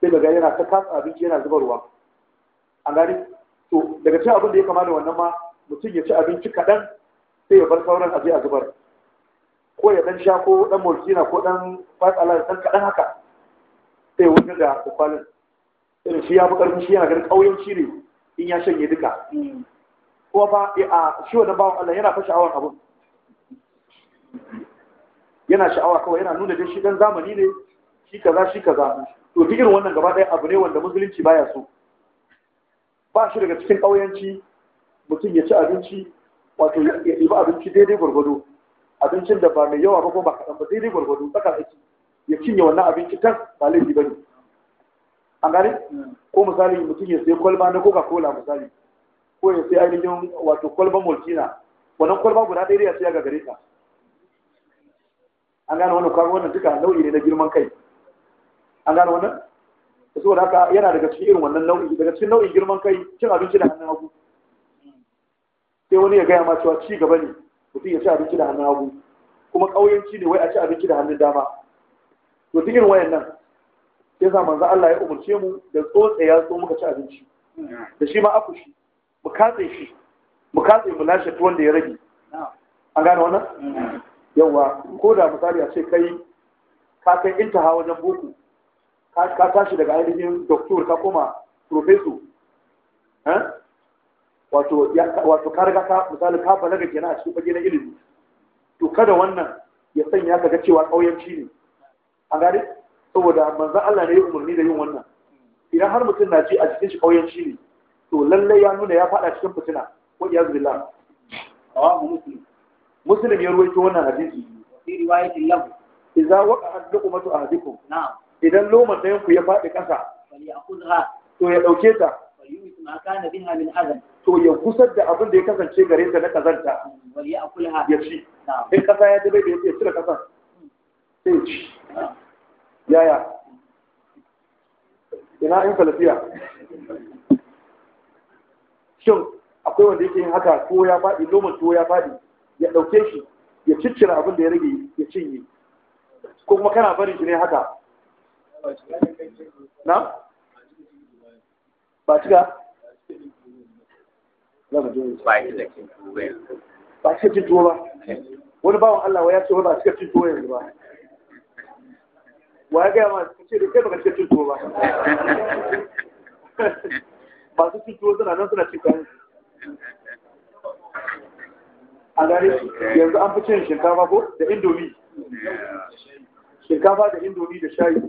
sai ga yana ta kasa abinci yana zubarwa an gani to daga cikin abin da ya kamata wannan ma mutum ya ci abinci kaɗan sai ya bar sauran aje a zubar ko ya dan sha ko dan molkina ko dan fatala dan kaɗan haka sai wajen da kwalin irin shi ya fi ƙarfi shi yana ganin ƙauyenci ne in ya shanye duka mm. ko ba eh, a shi wannan bawan Allah yana fa sha'awar abun yana sha'awa kawai yana nuna dai shi dan zamani ne shi kaza shi kaza to duk irin wannan gaba ɗaya abu ne wanda musulunci baya so ba shi daga cikin ƙauyenci mutum ya ci abinci wato ya ɗiba abinci daidai gwargwado abincin da ba mai yawa ba ko ba kaɗan ba daidai gwargwado tsaka aiki ya cinye wannan abinci kan ba laifi ba ne an gane hmm. ko misali mutum ya sai kwalba na coca cola misali ko ya sai ainihin wato kwalban moltina wannan kwalba guda ɗaya ya siya ga gare ka an gane wannan kwalba wannan duka nau'i ne na girman kai an gane wannan saboda haka yana daga cikin irin wannan nau'i daga cikin nau'in girman kai cin abinci da hannun hagu sai wani ya gaya ma cewa ci gaba ne mutum ya ci abinci da hannun hagu kuma ƙauyenci ne wai a ci abinci da hannun dama to duk irin wayannan ya sa manzo Allah ya umarce mu da tsotse ya tso muka ci abinci da shi ma akushi mu katse shi mu katse mu lashe tuwon da ya rage an gane wannan yawa ko da misali a ce kai ka kai intaha wajen boko ka tashi daga ainihin doktor ka koma profeso eh? wato ka riga ka misali ka balaga kenan a cikin fage na ilimi to kada wannan ya sanya ka ga cewa kauyanci ne an gane saboda manzan Allah ne ya umarni da yin wannan idan har mutum na ji a cikin shi ƙauyenci ne to lallai ya nuna ya faɗa cikin fitina ya zubi billah rawahu muslim muslim ya ruwaito wannan hadisi fi riwayatin lahu idza waqa'at luqmatu ahadikum na'am idan loma ɗayan ku ya faɗi ƙasa to ya ɗauke ta to ya kusar da abin da ya kasance gare ta na kazanta ya ci in ƙasa ya dabe da ya cire ƙasar sai ya ci yaya ina in salafiya shin akwai wanda yake yin haka tuwo ya faɗi loman tuwo ya faɗi ya ɗauke shi ya ciccira abin da ya rage ya cinye ko kuma kana barin shi ne haka na ba cika ba cika cin tuwo ba wani bawan Allah ya ce ba cika cin tuwo yanzu ba wa ya gaya ma ka ce da kai baka cika cin ba masu cin tuwo suna nan suna cikin kayan a gane yanzu an fi cin shinkafa ko da indomi shinkafa da indomi da shayi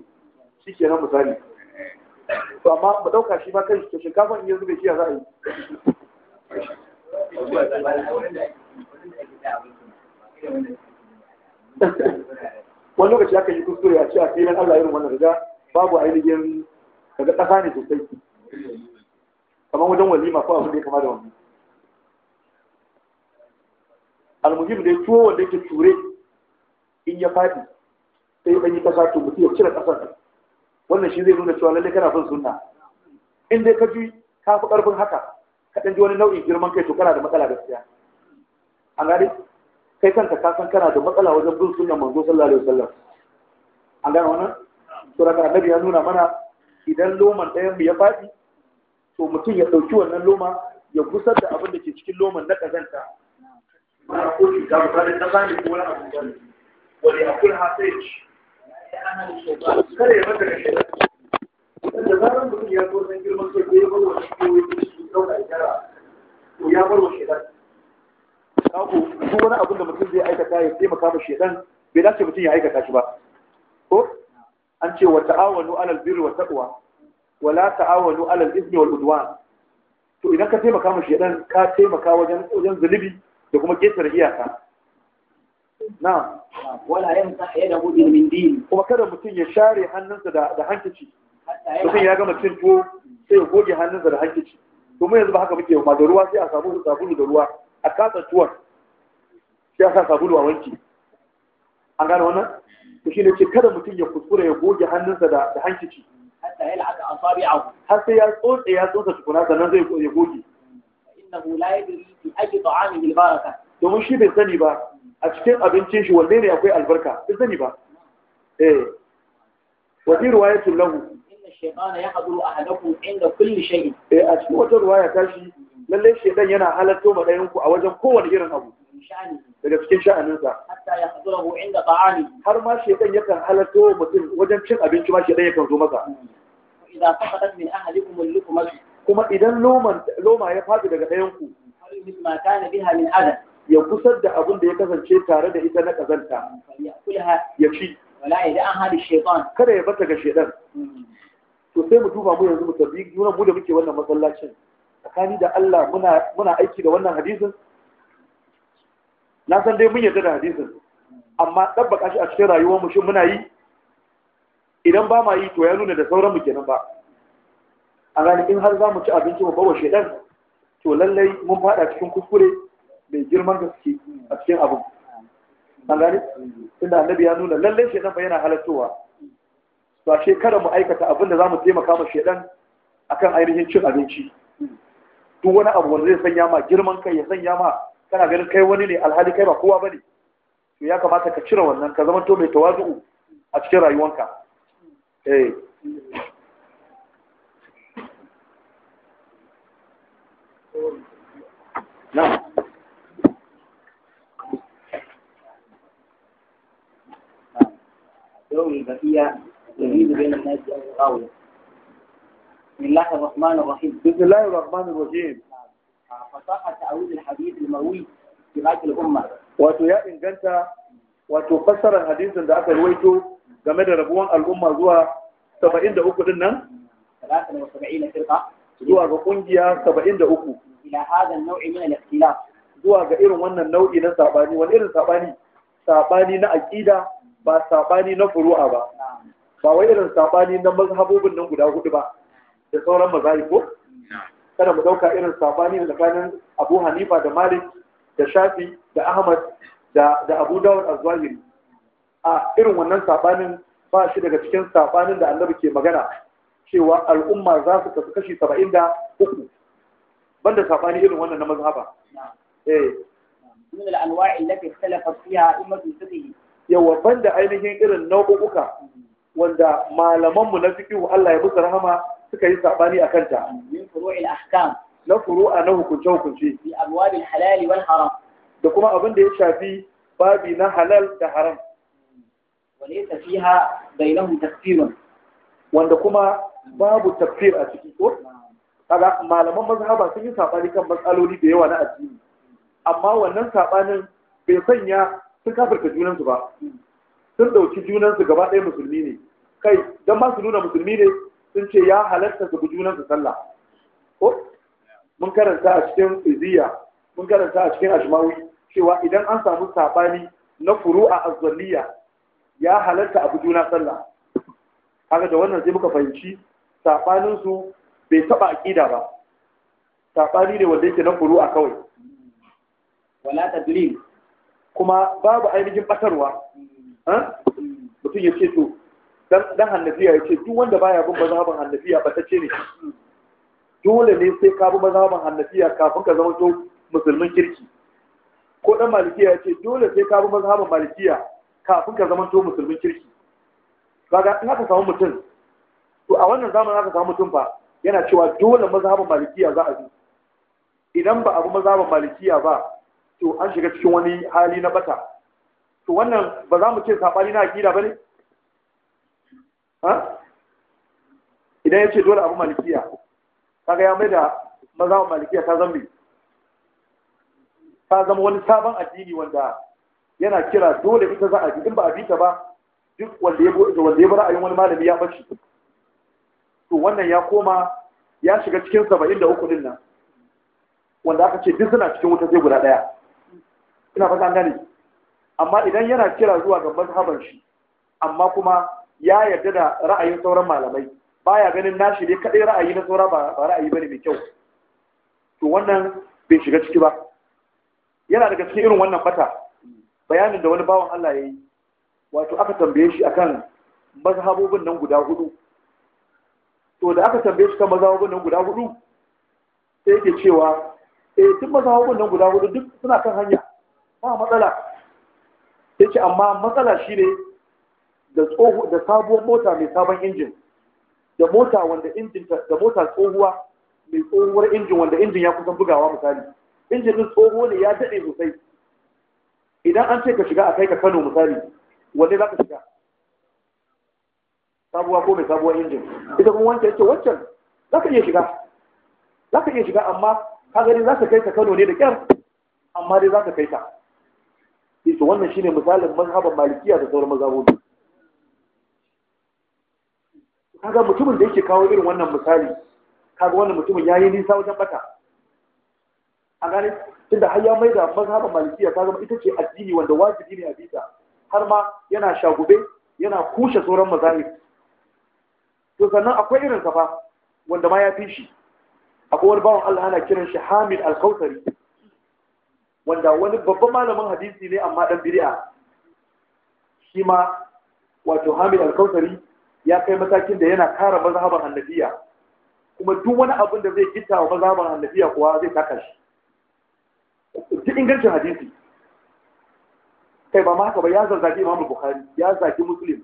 shi ke nan misali to amma mu ɗauka shi ba kai to shinkafa in yanzu bai shi ya za a yi wani lokaci aka yi kuskure a ce a filin Allah irin wannan riga babu ainihin daga ƙasa ne sosai kamar wajen walima ko abin da ya kama da wani almuhim dai tuwo wanda yake ture in ya faɗi sai ya ɗanyi ƙasa to mutu ya cire ƙasar wannan shi zai nuna cewa lallai kana son sunna in dai ka ji ka fi ƙarfin haka ka ɗan ji wani nau'in girman kai to kana da matsala gaskiya an gane kai kanka ka san kana da matsala wajen bin sunnan manzo sallallahu alaihi wasallam an gane wannan to daga annabi ya nuna mana idan loman ɗayan mu ya faɗi to mutum ya ɗauki wannan loma ya gusar da abin da ke cikin loman na ƙazanta wani akwai ga mutane na zane ko wani abu gani wani akwai hasai kada ya mata kashe da zarar mutum ya zo san girman sai ya bar wa shi ya bar wa shi ya bar wa shi tsako duk wani abin da mutum zai aikata ya taimaka ma shedan bai dace mutum ya aikata shi ba ko an ce wa ta'awanu alal birri wa taqwa wa la ta'awanu alal ithmi wal udwan to idan ka taimaka ma shedan ka taimaka wajen wajen zulubi da kuma ketare iyaka Na. wala yamsa yadahu bil mindil kuma kada mutum ya share hannunsa da da hankici mutum ya gama cin tuwo sai ya goge hannunsa da hankici domin yanzu ba haka muke ba da ruwa sai a samu sabulu da ruwa a kasa tuwon ya sa sabulu a wanki an gane wannan to shine ce kada mutum ya kuskura ya goge hannunsa da da hankici hatta ya la'aka asabi'ahu har sai ya tsotse ya tsotsa tukuna sannan zai ya goge innahu la yadri fi ayyi ta'amihi al-baraka domin shi bai sani ba a cikin abincin shi wanne ne akwai albarka bai sani ba eh wa fi riwayatin lahu inna shaytana yahduru ahadakum inda kulli shay'in eh a cikin wata riwaya ta shi lalle shaytan yana halatto ma a wajen kowane irin abu daga cikin sha'aninsa har ma shekan yakan halatto mutum wajen cin abinci ma shekan yakan zo maka. kuma idan loma ya faɗi daga ɗayan ya kusar da abin da ya kasance tare da ita na ƙazanta ya ci kada ya bata ga shaidan to sai mu duba mu yanzu mu tabbi nuna mu da muke wannan masallacin tsakani da Allah muna aiki da wannan hadisin na san dai mun yarda da hadisin amma ɗabbaka shi a cikin rayuwar mu shin muna yi idan ba ma yi to ya nuna da sauran mu kenan ba a gani in har za mu ci abinci mu bawa shedan to lallai mun fada cikin kuskure mai girman gaske a cikin abu an gani tunda annabi ya nuna lallai shedan ba yana halattowa to a kada mu aikata abin da za mu taimaka ma shedan akan ainihin cin abinci duk wani abu wanda zai sanya ma girman kai ya sanya ma kana ganin kai wani ne alhali kai ba kowa bane to ya kamata ka cire wannan ka zama to mai tawazu'u a cikin rayuwanka eh na يوم بقية يريد بين الناس أو بسم الله الرحمن الرحيم بسم الله الرحمن الرحيم fasaha ta'awil al-hadith al-marwi fi baqi al-umma wato ya inganta wato fassarar hadisin da aka ruwaito game da rabuwan al'umma zuwa 73 din nan 73 firqa zuwa ga kungiya 73 ila hada nau'i min al-ikhtilaf zuwa ga irin wannan nau'i na sabani wani irin sabani sabani na aqida ba sabani na furu'a ba ba wai irin sabani na mazhabobin nan guda hudu ba da sauran mazahib ko kada mu dauka irin sabani tsakanin Abu Hanifa da Malik da Shafi da Ahmad da da Abu Dawud az-Zahiri a irin wannan sabanin ba shi daga cikin sabanin da Annabi ke magana cewa al'umma za su kasu kashi 73 banda sabani irin wannan na mazhaba eh min al-anwa' allati ikhtalafa fiha imatu fiqh yawa banda ainihin irin nau'uka mm-hmm. wanda malamanmu na fiqh Allah ya musu rahama suka yi sabani akan ta min furu'il ahkam na furu'a na hukunce hukunce fi abwabil halal wal haram da kuma abin da ya shafi babi na halal da haram walaysa fiha bainahu tafsirun wanda kuma babu tafsir a ciki ko kaga malaman mazhaba sun yi sabani kan matsaloli da yawa na addini amma wannan sabanin bai sanya sun kafirta junansu ba sun dauki junansu gaba ɗaya musulmi ne kai don ba su nuna musulmi ne sun ce ya halatta su bi junansu sallah ko mun karanta a cikin iziya mun karanta a cikin ashmawi cewa idan an samu sabani na furu'a azzalliya ya halatta a juna sallah Haka da wannan sai muka fahimci sabanin su bai taba aqida ba sabani ne wanda yake na furu'a kawai wala tadlim kuma babu ainihin batarwa mm. mutum ya ce to dan hannafiya ya ce duk wanda baya bin mazhabin hannafiya ba ta ce ne dole ne sai ka bi mazhabin hannafiya kafin ka zama musulmin kirki ko dan malikiya ya ce dole sai ka bi mazhabin malikiya kafin ka zama musulmin kirki kaga in aka samu mutum to a wannan zaman aka samu mutum ba yana cewa dole mazhabin malikiya za a bi idan ba a bi mazhabin malikiya ba to an shiga cikin wani hali na bata to wannan ba za mu ce sabani na akida bane ha idan ya ce dole abu malikiya kaga ya mai da maza malikiya ta zambi ta zama wani sabon addini wanda yana kira dole ita za a bi in ba a bi ta ba duk wanda ya wanda ra'ayin wani malami ya bashi to wannan ya koma ya shiga cikin saba'in uku din nan wanda aka ce duk suna cikin wuta sai guda daya ina fata an gane amma idan yana kira zuwa ga mazhaban shi amma kuma ya yarda da ra'ayin sauran malamai baya ganin nashi ne kadai ra'ayi na saura ba ra'ayi bane mai kyau to wannan bai shiga ciki ba yana daga cikin irin wannan fata bayanin da wani bawan Allah ya yi wato aka tambaye shi akan mazhabobin nan guda hudu to da aka tambaye shi kan mazhabobin nan guda hudu sai yake cewa eh duk mazhabobin nan guda hudu duk suna kan hanya ba matsala ce amma matsala shine da tsoho da sabuwar mota mai sabon injin da mota wanda injin da mota tsohuwa mai tsohuwar injin wanda injin ya kusan bugawa misali injin din tsoho ne ya dade sosai idan an ce ka shiga a kai ka Kano misali wanne za ka shiga sabuwa ko mai sabuwar injin ita kuma wancan ce wancan za ka iya shiga za ka iya shiga amma ka gani za ka kai ka Kano ne da kyar amma dai za ka kai ta. Ito wannan shine misalin mazhaban malikiya da sauran mazhabobi. kaga mutumin da yake kawo irin wannan misali kaga wannan mutumin ya yi nisa wajen bata a gane tunda har ya mai da mazhaban malikiya ta zama ita ce addini wanda wajibi ne a bisa har ma yana shagube yana kushe sauran mazahib to sannan akwai irin sa fa wanda ma ya fi shi akwai wani bawan Allah ana kiran shi Hamid al kautari wanda wani babban malamin hadisi ne amma dan bid'a shi ma wato Hamid al kautari ya kai matakin da yana kara mazhaban annabiya kuma duk wani abin da zai gita wa mazhaban annabiya kuwa zai taka shi duk ingancin hadisi kai ba ma haka ba ya zazzagi imamu bukhari ya zagi muslim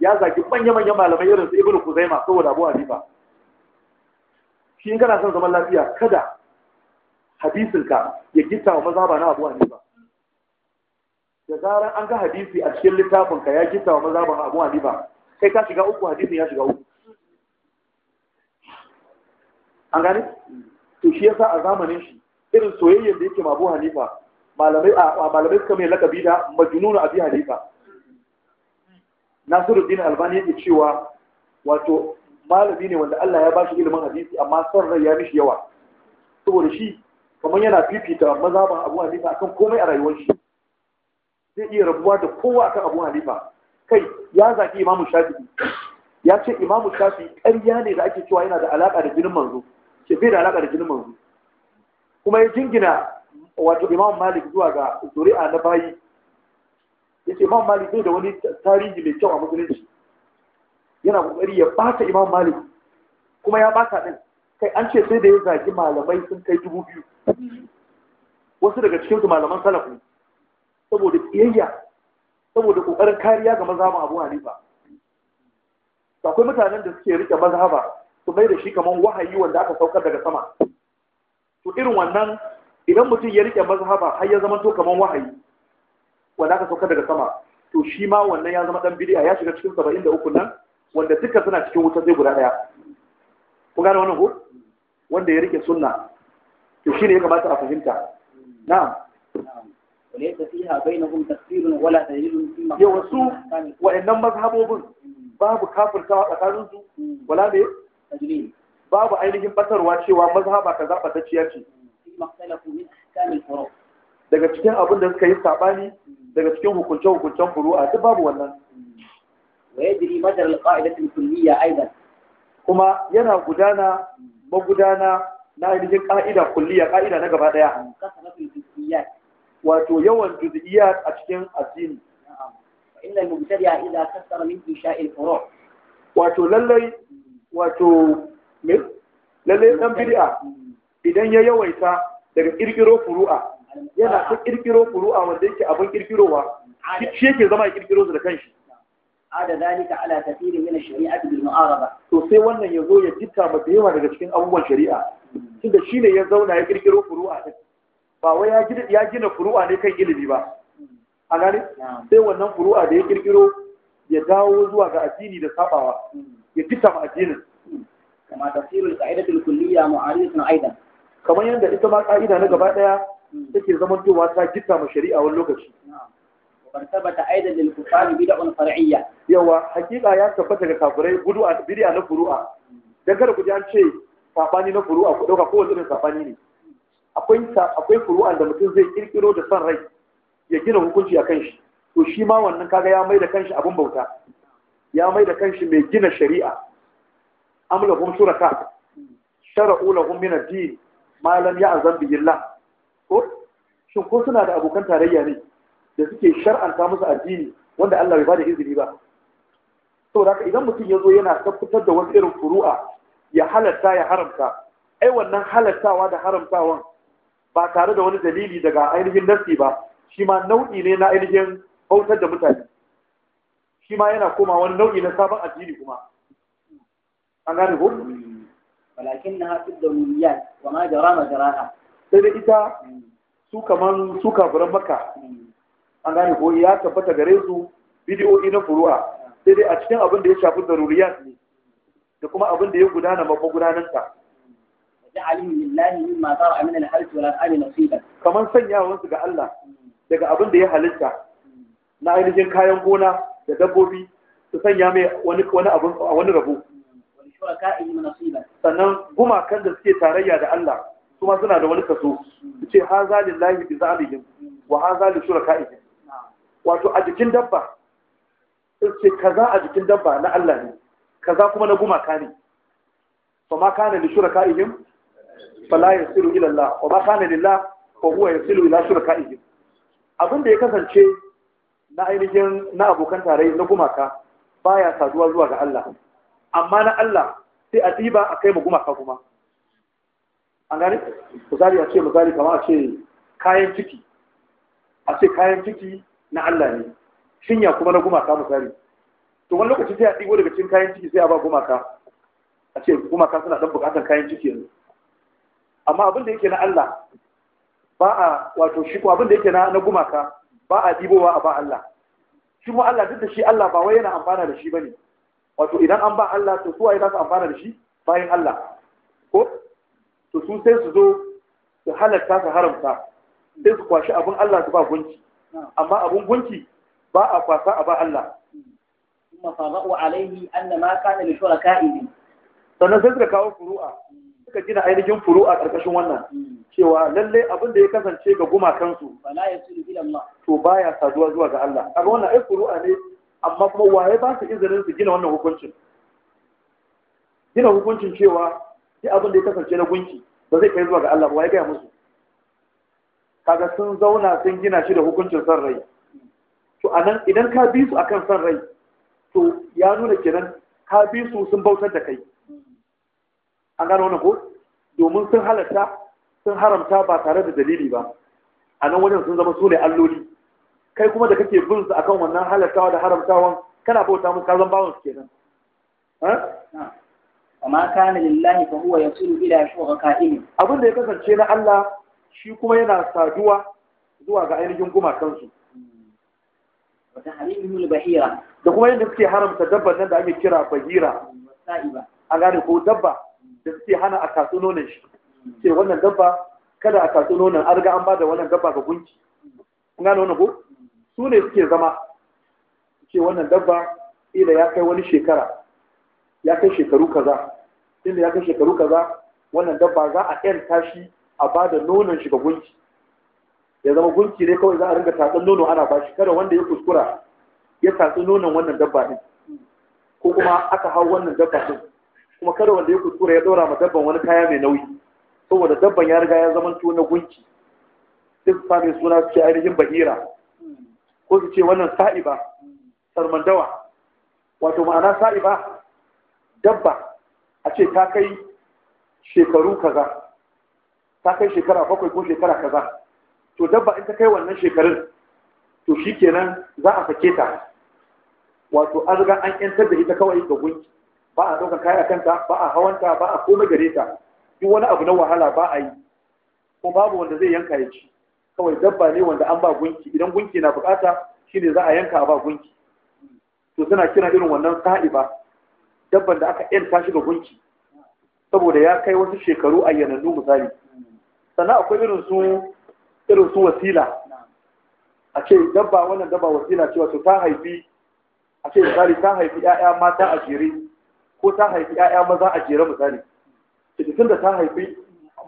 ya zagi manya-manyan malamai irin su ibnu kuzaima saboda abu hanifa shi in kana son zaman lafiya kada hadisinka ya gita wa mazhaba na abu hanifa da zarar an ga hadisi a cikin littafinka ya gita wa mazhaban abu hanifa kai ka shiga uku hadisin ya shiga uku an gane to shi yasa a zamanin shi irin soyayyar da yake mabu hanifa malamai a malamai suka mai lakabi da majnun abi nasiru dina albani yake cewa wato malami ne wanda Allah ya ba shi ilimin hadisi amma son rai ya shi yawa saboda shi kamar yana fifita mazhaban abu hanifa akan komai a rayuwar shi zai iya rabuwa da kowa akan abu halifa kai ya zaki imamu shafi'i ya ce imamu shafi'i ƙarya ne da ake cewa yana da alaƙa da jinin manzo ce bai da alaƙa da jinin manzo kuma ya jingina wato imamu malik zuwa ga zuri'a na bayi ya ce imamu malik bai da wani tarihi mai kyau a musulunci yana ƙoƙari ya ɓata imamu malik kuma ya ɓata ɗin kai an ce sai da ya zaki malamai sun kai dubu biyu wasu daga cikin su malaman salafu saboda ƙiyayya saboda kokarin kariya ga mazhaban Abu Hanifa akwai mutanen da suke rike mazhaba su mai da shi kamar wahayi wanda aka saukar daga sama to irin wannan idan mutum ya rike mazhaba har ya zama to kamar wahayi wanda aka saukar daga sama to shi ma wannan ya zama dan bid'a ya shiga cikin 73 nan wanda duka suna cikin wuta zai guda daya ku gane wannan ko wanda ya rike sunna to shine ya kamata a fahimta na'am وليس فيها بينهم تكفير ولا تجريد في مقام يوسو tsakanin su wala ne babu ainihin batarwa cewa mazhaba kaza batacciya ce daga cikin abin da suka yi sabani daga cikin hukunce hukuncen furu'a duk babu wannan wa yajri madar alqa'idat alkulliyya aidan kuma yana gudana magudana na ainihin ka'ida kulliya ka'ida na gaba wato yawan juz'iyat a cikin addini innal mubtadi'a idza kasara min furu' wato lallai wato me lallai dan bid'a idan ya yawaita daga kirkiro furu'a yana ta kirkiro furu'a wanda yake abin kirkirowa shi yake zama ya kirkiro da kanshi ada zalika ala kathiri min ash-shari'ati bil to sai wannan yazo ya jitta ba da yawa daga cikin abubuwan shari'a tunda shine ya zauna ya kirkiro furu'a din ba wai ya gina furu'a ne kan ilimi ba a gane sai wannan furu'a da ya kirkiro ya dawo zuwa ga addini da sabawa hmm. ya fita ma addinin kama tafsirul qa'idatul kulliyya mu'aridatun aidan kamar yadda ita ma qa'ida na gaba daya hmm. take cewa ta gitta ma shari'a wani lokaci وقد ثبت lil للكفار بدع far'iyya yawa hakika ya tabbata ga kafirai a bid'a na furu'a hmm. dan kada ku ji an ce sabani na furu'a ku dauka kowace irin sabani ne akwai akwai da mutum zai kirkiro da son rai ya gina hukunci a kanshi to shi ma wannan kaga ya mai da kanshi abin bauta ya mai da kanshi mai gina shari'a am kuma shuraka shara'u lahum min ad-din ma lam ya'zam ko shin ko suna da abokan tarayya ne da suke shar'anta musu addini wanda Allah bai bada izini ba saboda haka idan mutum ya zo yana tabbatar da wasu irin furu'a ya halatta ya haramta ai wannan halattawa da haramtawan ba tare da wani dalili daga ainihin nasi ba shi ma nau'i ne na ainihin bautar da mutane shi ma yana koma wani nau'i na sabon addini kuma an gane ko walakin na hafi da miliyan wa ma jara ma jara sai da ita su kaman su kafiran maka an gane ko ya tabbata gare su bidiyoyi na furu'a sai dai a cikin abin da ya shafi daruriyat ne da kuma abin da ya gudana mafi gudananta ja'alihim lillahi mimma zara'a min al-harth wal an'am nasiban kaman sanyawan su ga Allah daga abin da ya halitta na ainihin kayan gona da dabbobi su sanya mai wani wani abin a wani rabo sannan gumakan da suke tarayya da Allah kuma suna da wani kaso su ce ha za lillahi bi zalihim wa ha za li shuraka'ihim wato a jikin dabba su ce kaza a jikin dabba na Allah ne kaza kuma na gumaka ne fa ma kana li shuraka'ihim fala yasilu ila Allah wa ma kana lillah fa huwa yasilu ila abin da ya kasance na ainihin na abokan tare na gumaka baya saduwa zuwa ga Allah amma na Allah sai a tiba a kai mu gumaka kuma an gane misali a ce misali kamar a ce kayan ciki a ce kayan ciki na Allah ne shinya kuma na gumaka misali to wani lokaci sai a ɗigo daga cikin kayan ciki sai a ba gumaka a ce gumaka suna ɗan buƙatar kayan ciki yanzu amma abin da yake na Allah ba a wato shi ko abin da yake na na gumaka ba a dibowa a ba Allah shi mu Allah duk da shi Allah ba wai yana amfana da shi bane wato idan an ba Allah to su waye za su amfana da shi bayan Allah ko to su sai su zo su halatta su haramta sai su kwashi abin Allah su ba gunki amma abin gunki ba a kwasa a ba Allah kuma fara'u alaihi anna ma kana li shuraka'i sannan sai suka kawo furu'a suka gina ainihin furu a ƙarƙashin wannan cewa lalle abin da ya kasance ga gumakansu to baya saduwa zuwa ga Allah kaga wannan ai furu'a ne amma kuma waye ba su izinin su gina wannan hukuncin gina hukuncin cewa duk abin da ya kasance na gunki ba zai kai zuwa ga Allah ba waye gaya musu kaga sun zauna sun gina shi da hukuncin san rai to anan idan ka bi su akan san rai to ya nuna kenan ka bi su sun bautar da kai an gano wani ko domin sun halatta sun haramta ba tare da dalili ba a nan wajen sun zama sune alloli kai kuma da kake bin su akan wannan halattawa da haramtawan kana bauta musu ka zan bawon su kenan amma kana lillahi fa huwa yasulu ila shuraka'ihi abin da ya kasance na Allah shi kuma yana saduwa zuwa ga ainihin gumakansu wa tahrimuhu al-bahira da kuma yadda suke haramta dabban nan da ake kira bahira a gane ko dabba da suke hana a tatsu nonon shi ce wannan dabba kada a tatsu nonon an riga an ba da wannan dabba ga gunki kun gane wannan ko su ne suke zama ce wannan dabba ila ya kai wani shekara ya kai shekaru kaza inda ya kai shekaru kaza wannan dabba za a ƴan tashi a ba da nonon shi ga gunki ya zama gunki ne kawai za a ringa tatsun nono ana ba shi kada wanda ya kuskura ya tatsu nonon wannan dabba ɗin ko kuma aka hau wannan dabba ɗin kuma kada wanda ya kuskura ya ɗora ma dabban wani kaya mai nauyi saboda dabban ya riga ya zama na gunki duk sami suna suke ainihin bahira ko su ce wannan sa'iba sarmandawa wato ma'ana sa'iba dabba a ce ta kai shekaru kaza ta kai shekara bakwai ko shekara kaza to dabba in ta kai wannan shekarun to shi kenan za a sake ta wato an riga an yantar da ita kawai ga gunki ba a ɗaukar kaya kanta ba a hawanta ba a komai gare ta duk wani abu na wahala ba a yi ko babu wanda zai yanka ya ci kawai dabba ne wanda an ba gunki idan gunki na bukata shine za a yanka a ba gunki to suna kira irin wannan ba. dabban da aka yanta shi ga gunki saboda ya kai wasu shekaru ayyanannu misali sannan akwai irin su irin su wasila a ce dabba wannan dabba wasila ce wato ta haifi a ce misali ta haifi 'ya'ya mata a jere ko ta haifi 'ya'ya maza a jere misali tun da ta haifi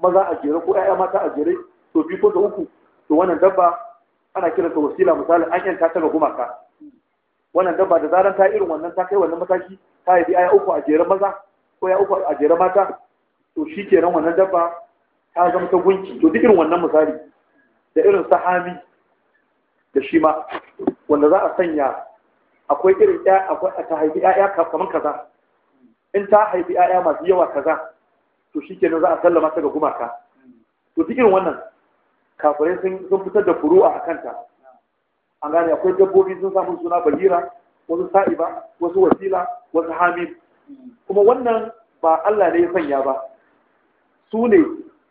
maza a jere ko 'ya'ya mata a jere to biyu ko da uku to wannan dabba ana ta wasila misali an yanka ta ga gumaka wannan dabba da zaran ta irin wannan ta kai wannan mataki ta haifi 'ya'ya uku a jere maza ko ya uku a jere mata to shi kenan wannan dabba ta zama ta gunki to duk irin wannan misali da irin sahami da shi ma wanda za a sanya akwai irin ɗaya akwai a ta haifi ɗaya kamar kaza in ta haifi 'ya'ya masu yawa kaza to shi shikenan za a sallama ta ga gumaka to cikin wannan kafirai sun fitar da furu a kanta an gane akwai dabbobi sun samu suna bahira wasu sa'iba wasu wasila wasu hamim kuma wannan ba Allah ne ya sanya ba su ne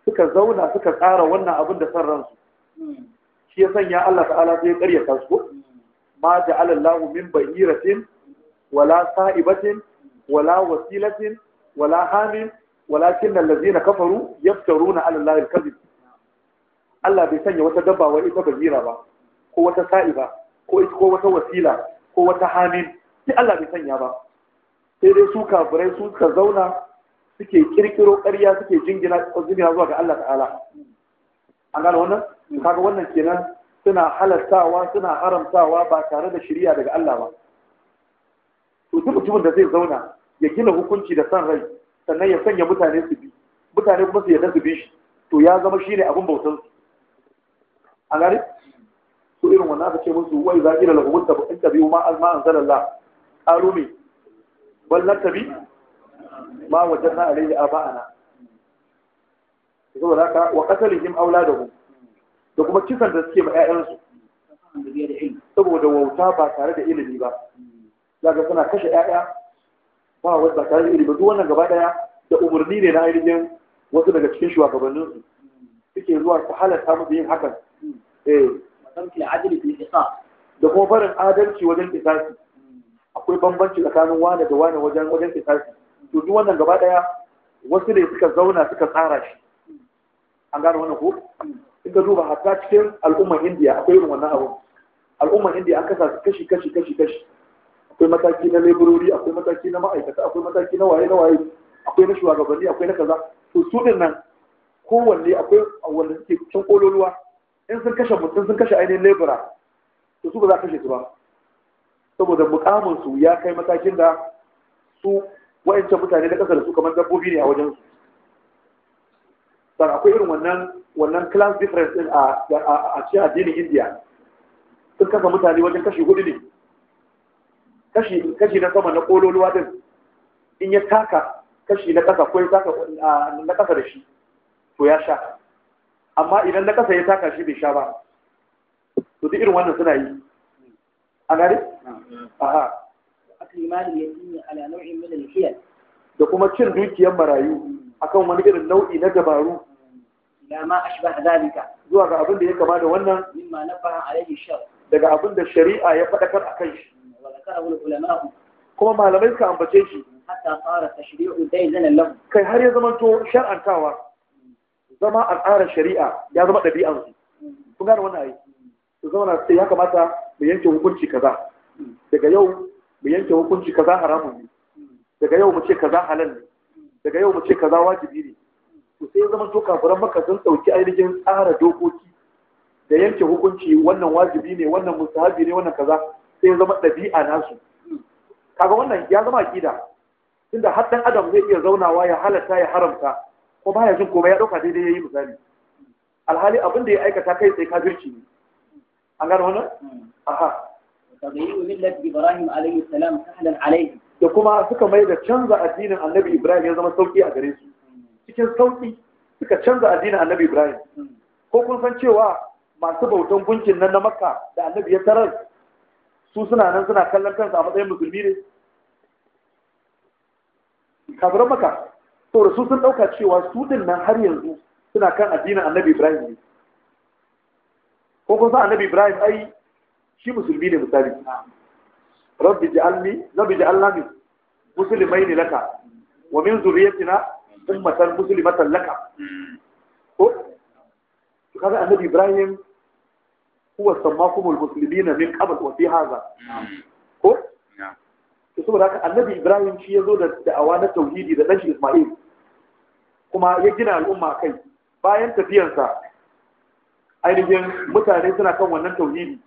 suka zauna suka tsara wannan abin da san ransu shi ya sanya Allah ta'ala sai ya karyata su ma ja'alallahu min bahiratin wala sa'ibatin wala وسيلة wala hamim ولكن الذين كفروا يفترون على الله الكذب Allah bai sanya wata dabba wai ita bazira ba ko wata sa'iba ko wata wasila ko wata sai Allah bai sanya ba sai dai su kafirai su suka zauna suke kirkiro ƙarya suke jingina jingina zuwa ga Allah ta'ala an gano wannan kaga wannan kenan suna halastawa suna haramtawa ba tare da shari'a daga Allah ba to duk mutumin da zai zauna ya gina hukunci da san rai sannan ya sanya mutane su bi mutane kuma su yarda su bi shi to ya zama shi ne abin bautan su a gari su irin wannan aka ce musu wai za ila lahumun tabi in tabi ma azma an zalalla qalu mi bal lan tabi ma wajadna alayhi aba'ana saboda ka? wa qatalihim aula da kuma kisan da suke ma ƴaƴansu saboda wauta ba tare da ilimi ba zaga suna kashe ƴaƴa ba wanda ba tare da iri ba duk wannan gaba ɗaya da umarni ne na ainihin wasu daga cikin shugabannin su suke zuwa su halatta musu yin hakan eh da kuma barin adalci wajen kisasi akwai bambanci tsakanin wane da wane wajen wajen kisasi to duk wannan gaba ɗaya wasu ne suka zauna suka tsara shi an gano wannan ko in ka duba hatta cikin al'ummar indiya akwai irin wannan abu al'ummar indiya an kasa kashi kashi kashi kashi akwai mataki na laborori akwai mataki na ma'aikata akwai mataki na waye na waye akwai na shugabanni akwai na kaza to su din nan kowanne akwai wanda suke can kololuwa in sun kashe mutum sun kashe ainihin labora to su ba za kashe su ba saboda mukamin su ya kai matakin da su wa'ancan mutane na kasar su kamar dabbobi ne a wajen su akwai irin wannan wannan class difference din a a cikin addinin India sun kasa mutane wajen kashe hudu ne kashi kashi na sama na kololuwa din in ya taka kashi na ƙasa ko ya taka na ƙasa da shi to ya sha amma idan na ƙasa ya taka shi bai sha ba to duk irin wannan suna yi a gari aha aklimal yi ala nau'in min al da kuma cin dukiyar marayu akan wani irin nau'i na dabaru ila ma ashbaha zalika zuwa ga abin da ya kama da wannan mimma nafaha alaihi shar daga abin da shari'a ya faɗakar akan shi kuma malamai suka ambace shi hatta fara tashri'u dailan lahu kai har ya zama to shar'antawa zama al'adar shari'a ya zama ɗabi'ar su kun gane wannan ai su zama na sai ya kamata mu yanke hukunci kaza daga yau mu yanke hukunci kaza haramun ne daga yau mu ce kaza halal ne daga yau mu ce kaza wajibi ne to sai zaman to kafiran maka sun sauki ainihin tsara dokoki da yanke hukunci wannan wajibi ne wannan mustahabi ne wannan kaza sai ya zama ɗabi'a nasu kaga wannan ya zama ƙida. tunda har dan adam zai iya zaunawa ya halatta ya haramta ko baya jin komai ya dauka daidai yi misali alhali abin da ya aikata kai sai kafirci ne an gano wannan aha da kuma suka mai da canza addinin annabi ibrahim ya zama sauki a gare su cikin sauƙi suka canza addinin annabi ibrahim ko kun san cewa masu bautan gunkin nan na makka da annabi ya tarar su suna nan suna kallon kansu a matsayin musulmi ne kafirin maka saboda su sun ɗauka cewa su ɗin nan har yanzu suna kan addinin annabi ibrahim ne ko kun san annabi ibrahim ai shi musulmi ne misali rabbi ja'alni rabbi musulmai ne laka wa min zuriyatina ummatan muslimatan laka ko kaga annabi ibrahim huwa sammakumul muslimina min qabl wa fi hadha mm. ko to saboda haka annabi ibrahim shi yazo da da'awa na tauhidi da dashi isma'il kuma ya gina al'umma kai bayan tafiyarsa ainihin mutane suna kan wannan tauhidi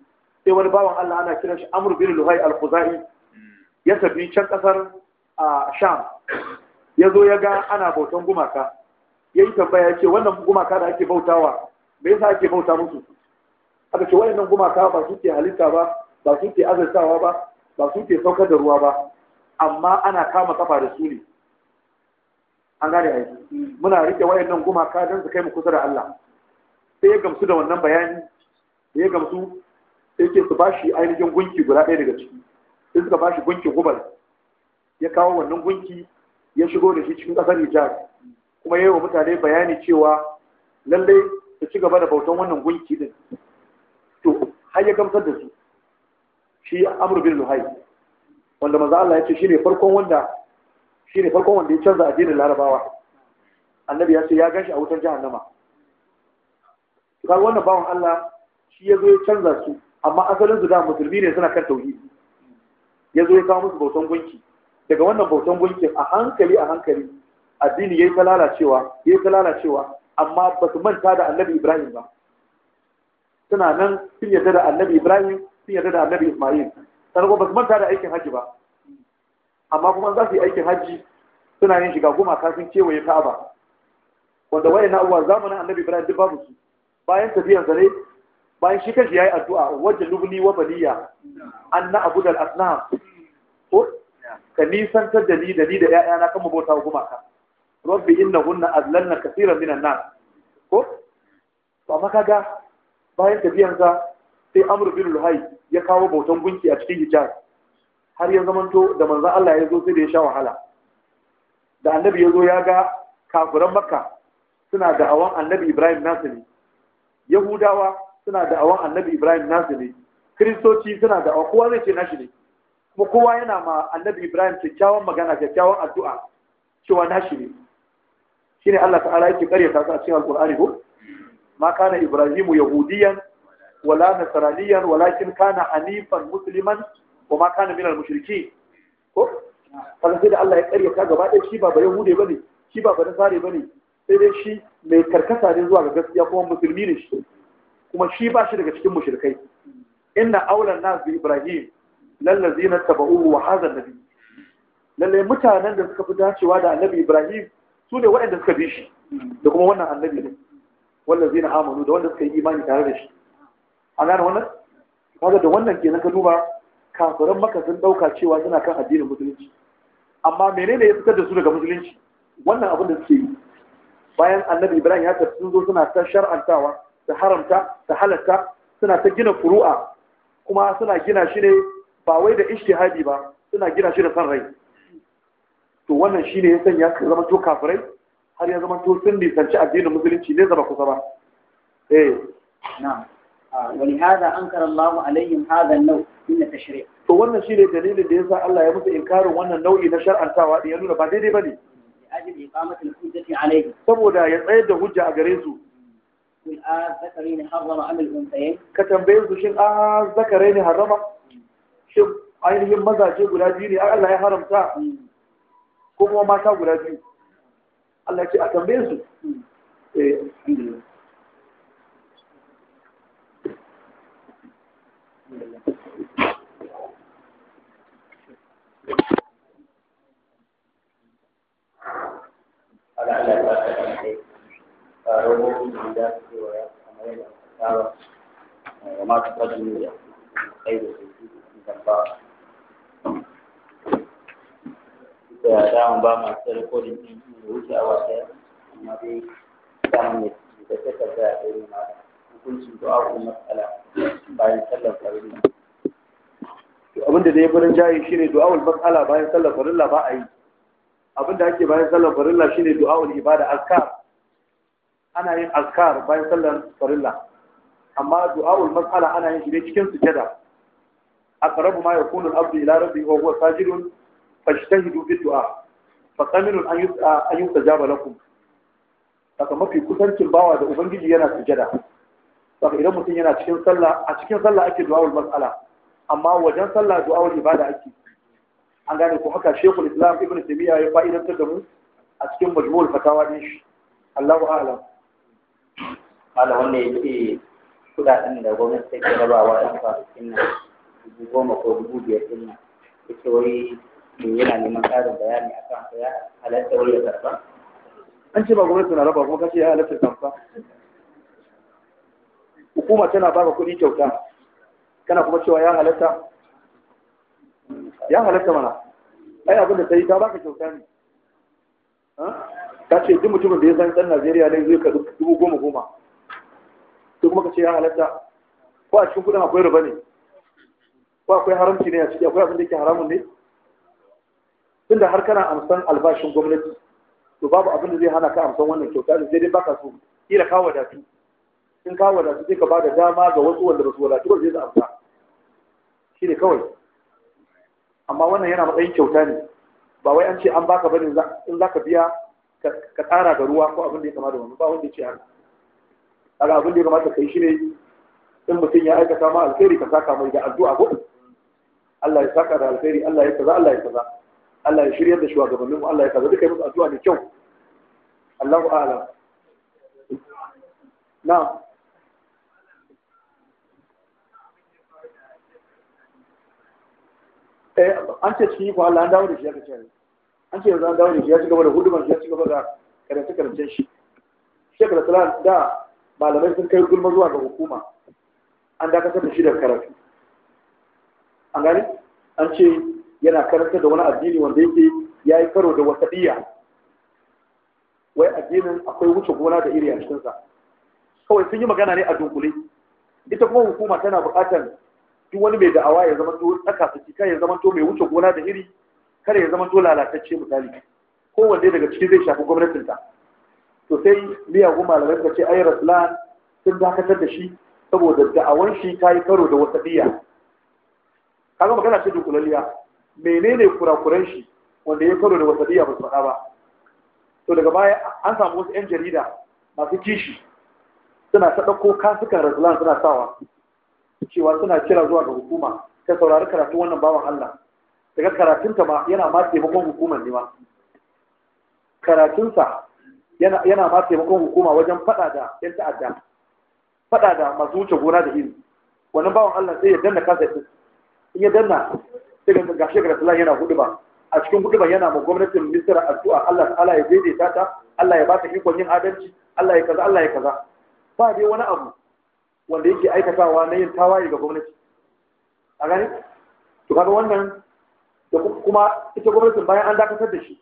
sai wani bawan Allah ana kiran shi Amr bin Luhai al-Khuzai mm. ya tafi can kasar Sham ya zo ya ga ana bautan gumaka ya yi tambaya ce wannan gumaka da ake bautawa me yasa ake bauta musu aka ce nan gumaka ba su ke halitta ba ba su ke azartawa ba ba su ke saukar da ruwa ba amma ana kama kafa da su ne an gane yi. muna rike nan gumaka don su kai mu kusa da Allah sai ya gamsu da wannan bayani sai ya gamsu sai ke su bashi ainihin gunki guda ɗaya daga ciki sai suka bashi gunki gubal ya kawo wannan gunki ya shigo da shi cikin ƙasar Nijar, kuma ya yi wa mutane bayani cewa lallai su ci gaba da bautan wannan gunki din har ya gamsar da su shi Amur bin luhai wanda maza Allah ya ce shine farkon wanda shine farkon wanda ya canza addinin larabawa annabi ya ce ya ganshi a wutar jahannama to kaga wannan bawan Allah shi ya zo ya canza su amma asalin su da musulmi ne suna kan tauhidi ya zo ya kawo musu bautan gunki daga wannan bautan gunkin a hankali a hankali addini ya ta ta lalacewa amma ba su manta da annabi Ibrahim ba suna nan sun yarda da annabi ibrahim sun yarda da annabi ismail sannan kuma ba su manta da aikin hajji ba amma kuma za su yi aikin hajji suna yin shiga gumaka sun kewaye ka'aba wanda wayan na uwa zamanin annabi ibrahim duk babu su bayan tafiyar sa ne bayan shi kanshi yayi addu'a wajen lubni wa baliya anna abudal da asnam ko ka nisantar da ni da ni da ƴaƴana kan mabota ka rabbi innahunna azlalna kaseeran minan nas ko to amma kaga bayan sa sai amru bin luhai ya kawo bautan gunki a cikin hijaz har ya zamanto da manzon Allah ya zo sai da ya sha wahala da annabi ya zo ya ga kafiran makka suna da awan annabi ibrahim nasu ne yahudawa suna da awan annabi ibrahim nasu ne kiristoci suna da awan kowa zai ce nashi ne kuma kowa yana ma annabi ibrahim kyakkyawan magana kyakkyawan addu'a cewa nashi ne shine Allah ta'ala yake karyata su a cikin alqur'ani ko ma kana ibrahimu yahudiyan wala nasraniyan walakin kana hanifan musliman wa ma kana minal mushriki ko kaga sai da Allah ya karyata gaba ɗaya shi ba ba yahude bane shi ba ba nasare sai dai shi mai karkasa ne zuwa ga gaskiya kuma musulmi ne shi kuma shi ba daga cikin mushrikai inna aulan nas bi ibrahim lallazina tabauhu wa hadha nabi lalle mutanen da suka fi dacewa da annabi ibrahim su ne waɗanda suka bi shi da kuma wannan annabi ne wanda zai na amanu da wanda suka yi imani tare da shi a gane wannan kaga da wannan kenan ka duba kafiran maka sun dauka cewa suna kan addinin musulunci amma menene ya fitar da su daga musulunci wannan abin da suke yi bayan annabi ibrahim ya tafi sun zo suna ta shar'antawa ta haramta ta halatta suna ta gina furu'a kuma suna gina shi ne ba wai da ishtihadi ba suna gina shi da san rai to wannan shine ya sanya su zama to kafirai har ya zama to sun addinin musulunci ne zama kusa ba eh na'am ah, an-naw' min at-tashri' to wannan shine dalilin da yasa Allah ya musu inkarin wannan nau'i na shar'antawa da ya nuna ba daidai bane ajibi iqamati al-hujjati alayhi saboda ya tsayar da hujja a gare su kul a zakarin harrama am al-unthayn ka tambaye su shin a zakarin harrama shin ainihin mazaje guda biyu ne Allah ya haramta mm. ko kuma mata guda biyu Allah ce a tambaye su eh وما dama ba masu rikodin ɗin da wuce awa ɗaya amma dai samun ne da ta tafi a ɗaya ma hukuncin du'a kuma matsala bayan sallar farilla abin da dai farin jayi shine du'a ul matsala bayan sallar farilla ba a yi abin da ake bayan sallar farilla shine du'a ul ibada azkar ana yin azkar bayan sallar farilla amma du'a ul matsala ana yin shi ne cikin sujada aqrabu ma yakunu al-abdu ila rabbihi wa huwa sajidun fajtahidu du'a fasamirun an yi sajaba lakum saka mafi kusancin bawa da ubangiji yana sujada saka idan mutum yana cikin sallah a cikin sallah ake du'awul mas'ala amma wajen sallah du'awul ibada ake an gane ko haka shekul islam ibn taymiya ya fa'idantar da mu a cikin majmu'ul fatawa din shi Allahu a'lam ala wannan ce kudaden da gwamnati take rabawa dan kwanakin nan dubu goma ko dubu biyar din nan yake wai in yana neman ƙarin bayani a kan ya halatta wani ya karɓa an ce ba gwamnati na raba kuma kashe ya halatta karɓa hukuma tana baka kuɗi kyauta kana kuma cewa ya halatta ya halatta mana ai abin da ta yi ta baka kyauta ne ka ce duk mutumin da ya san ɗan Najeriya ne zai ka dubu goma goma sai kuma ka ce ya halatta ko a cikin kuɗin akwai riba ne ko akwai haramci ne a ciki akwai abin da yake haramun ne tunda har kana amsan albashin gwamnati to babu abin da zai hana ka amsan wannan kyauta da sai dai baka so kila ka wadatu in ka wadatu sai ka bada dama ga wasu wanda ba su wadatu ba zai su amsa shi ne kawai amma wannan yana matsayin kyauta ne ba wai an ce an baka bane in za ka biya ka tsara da ruwa ko abin da ya kama da wannan ba wanda ya ce haka kaga abin da ya kamata kai shi ne in mutum ya aikata ma alkhairi ka saka mai da addu'a ko Allah ya saka da alkhairi Allah ya kaza Allah ya kaza Allah ya shirya da shugabannin Allah ya kaza duka musu addu'a ne kyau Allahu a'lam na eh an ce cikin ko Allah an dawo da shi ya kace an ce yanzu an dawo da shi ya ci gaba da huduman shi ya ci gaba da karanta karancen shi shekara tsalan da malamai sun kai gulma zuwa ga hukuma an dakatar da shi da karatu an gani an ce yana karanta da wani addini wanda yake ya yi karo da wasaɗiya wai addinin akwai wuce gona da iri a cikinsa kawai sun yi magana ne a dunkule ita kuma hukuma tana buƙatar duk wani mai da'awa ya zama to tsaka su kai ya zama to mai wuce gona da iri kada ya zama to lalatacce misali kowanne daga ciki zai shafi gwamnatinta to sai miyagun malamai suka ce ai rasulan sun dakatar da shi saboda da'awan shi ta yi karo da wasaɗiya kaga magana ce dunkulaliya menene kurakuran shi wanda ya karo da wasadiya ba su faɗa ba to daga baya an samu wasu 'yan jarida masu kishi suna ta ɗauko kasukan rasulan suna sawa cewa suna kira zuwa ga hukuma ta saurari karatun wannan bawan Allah daga karatunta ma yana ma taimakon hukumar ne ma karatunsa yana ma taimakon hukuma wajen faɗa da 'yan ta'adda faɗa da masu wuce gona da iri wannan bawan Allah sai ya danna kasa in ya danna sai ga ga shekara yana huduba ba a cikin hudu ba yana ma gwamnatin misra addu'a Allah ta'ala ya daidaita ta Allah ya ba ta ikon yin adalci Allah ya kaza Allah ya kaza ba dai wani abu wanda yake aikatawa na yin tawaye ga gwamnati a gani to kaga wannan da kuma ita gwamnatin bayan an dakatar da shi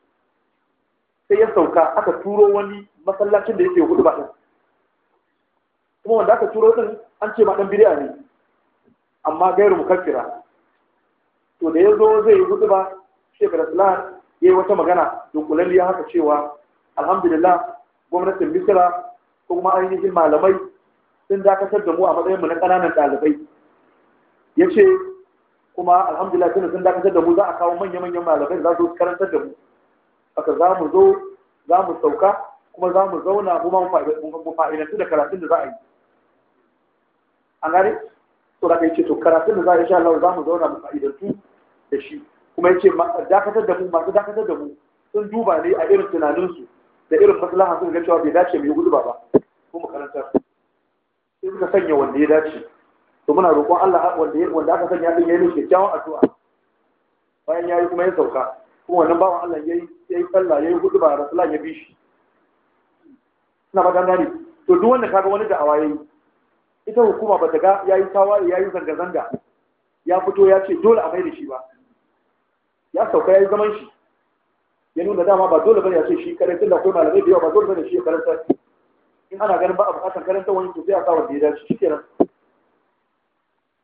sai ya sauka aka turo wani masallacin da yake huduba ba din kuma wanda aka turo din an ce ma dan bid'a ne amma gairu mukaffira to da ya zo zai yi hudu ba ga islam ya yi wata magana dunkulalliya haka cewa alhamdulillah gwamnatin misira ko kuma ainihin malamai sun dakatar da mu a matsayin mu na ƙananan ɗalibai ya ce kuma alhamdulillah tunda sun dakatar da mu za a kawo manya-manyan malamai za su karantar da mu haka za mu zo za mu sauka kuma za mu zauna mu fa'idantu da karatun da za a yi an to da yace to karatun da za a insha Allah za mu zauna mu fa'idantu da shi kuma yake dakatar da mu masu dakatar da mu sun duba ne a irin tunaninsu da irin maslaha sun ga cewa bai dace mai gudu ba ko karanta, sai suka sanya wanda ya dace to muna roƙon Allah wanda wanda aka sanya din yayin kyakkyawan addu'a bayan yayi kuma ya sauka kuma wannan bawan Allah yayi yayi sallah yayi gudu ba rasulullah ya bi shi ina ba gane to duk wanda kaga wani da awaye ita hukuma ba ta ga ya yi tawaye ya yi zanga-zanga ya fito ya ce dole a bai da shi ba ya sauka ya yi zaman shi ya nuna dama ba dole bane ya ce shi karantun da akwai malamai da yawa ba dole bane shi ya karanta in ana ganin ba a bukatar karanta wani to sai a sa da ya dace shi kenan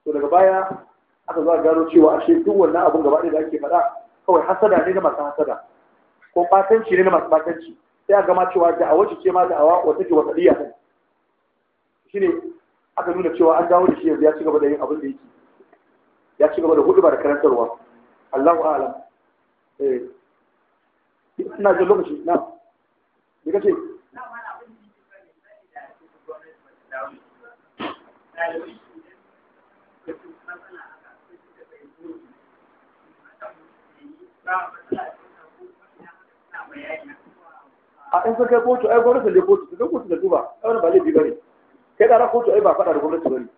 to daga baya aka za a gano cewa ashe duk wannan abun gaba da ake faɗa kawai hasada ne na masu hasada ko batanci ne na masu batanci sai a gama cewa da'awa ce ma da'awa wata ke wasa ɗiya ne. aka nuna cewa an dawo da shi yanzu ya ci gaba da yin abin da yake ya ci gaba da hudu ba da karantarwa Allahu a'lam eh ina jin lokaci na me kace a ɗan sun kai kotu ai gwamnati ne kotu su kai kotu da duba ɗan wani ba laifi ba ne kai kara kotu ai ba faɗa da gwamnati bane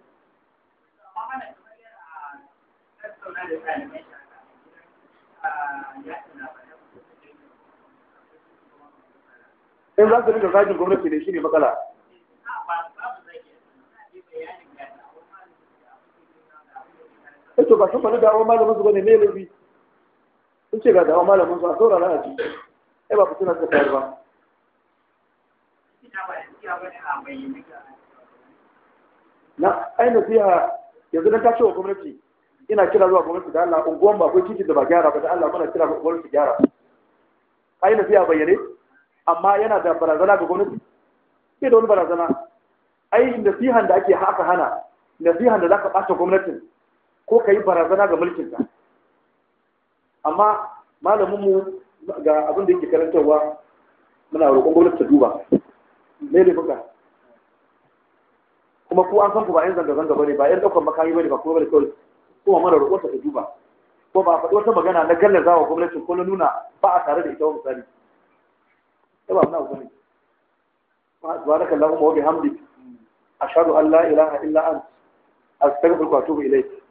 in za su rika zagin gwamnati ne shi ne matsala sai to ba sun faɗi dawon malamin su bane ne laifi sun ce ga dawon malamin su a saurara a ci ai ba ku suna ta tayar ba na ai nasiha yanzu dan ta ce wa gwamnati ina kira zuwa gwamnati da Allah unguwan ba akwai titi da ba gyara ba da Allah muna kira gwamnati gyara ai nasiha bayyane amma yana da barazana ga gwamnati sai da wani barazana ai nasihan da ake haka hana nasihan da zaka bata gwamnatin ko kai barazana ga mulkin ka, amma malamin mu ga abin da yake karantarwa muna roƙon gwamnati ta duba me ne fuka kuma ko an san ku ba yan zanga zanga bane ba yan daukar makami bane ba kuma bane kawai kuma mana roƙon ta duba ko ba faɗi wata magana na gallaza wa gwamnati ko na nuna ba a tare da ita ba misali sai ba na da kallon allahumma wa bihamdik ashhadu an la ilaha illa anta astaghfiruka wa atubu ilayk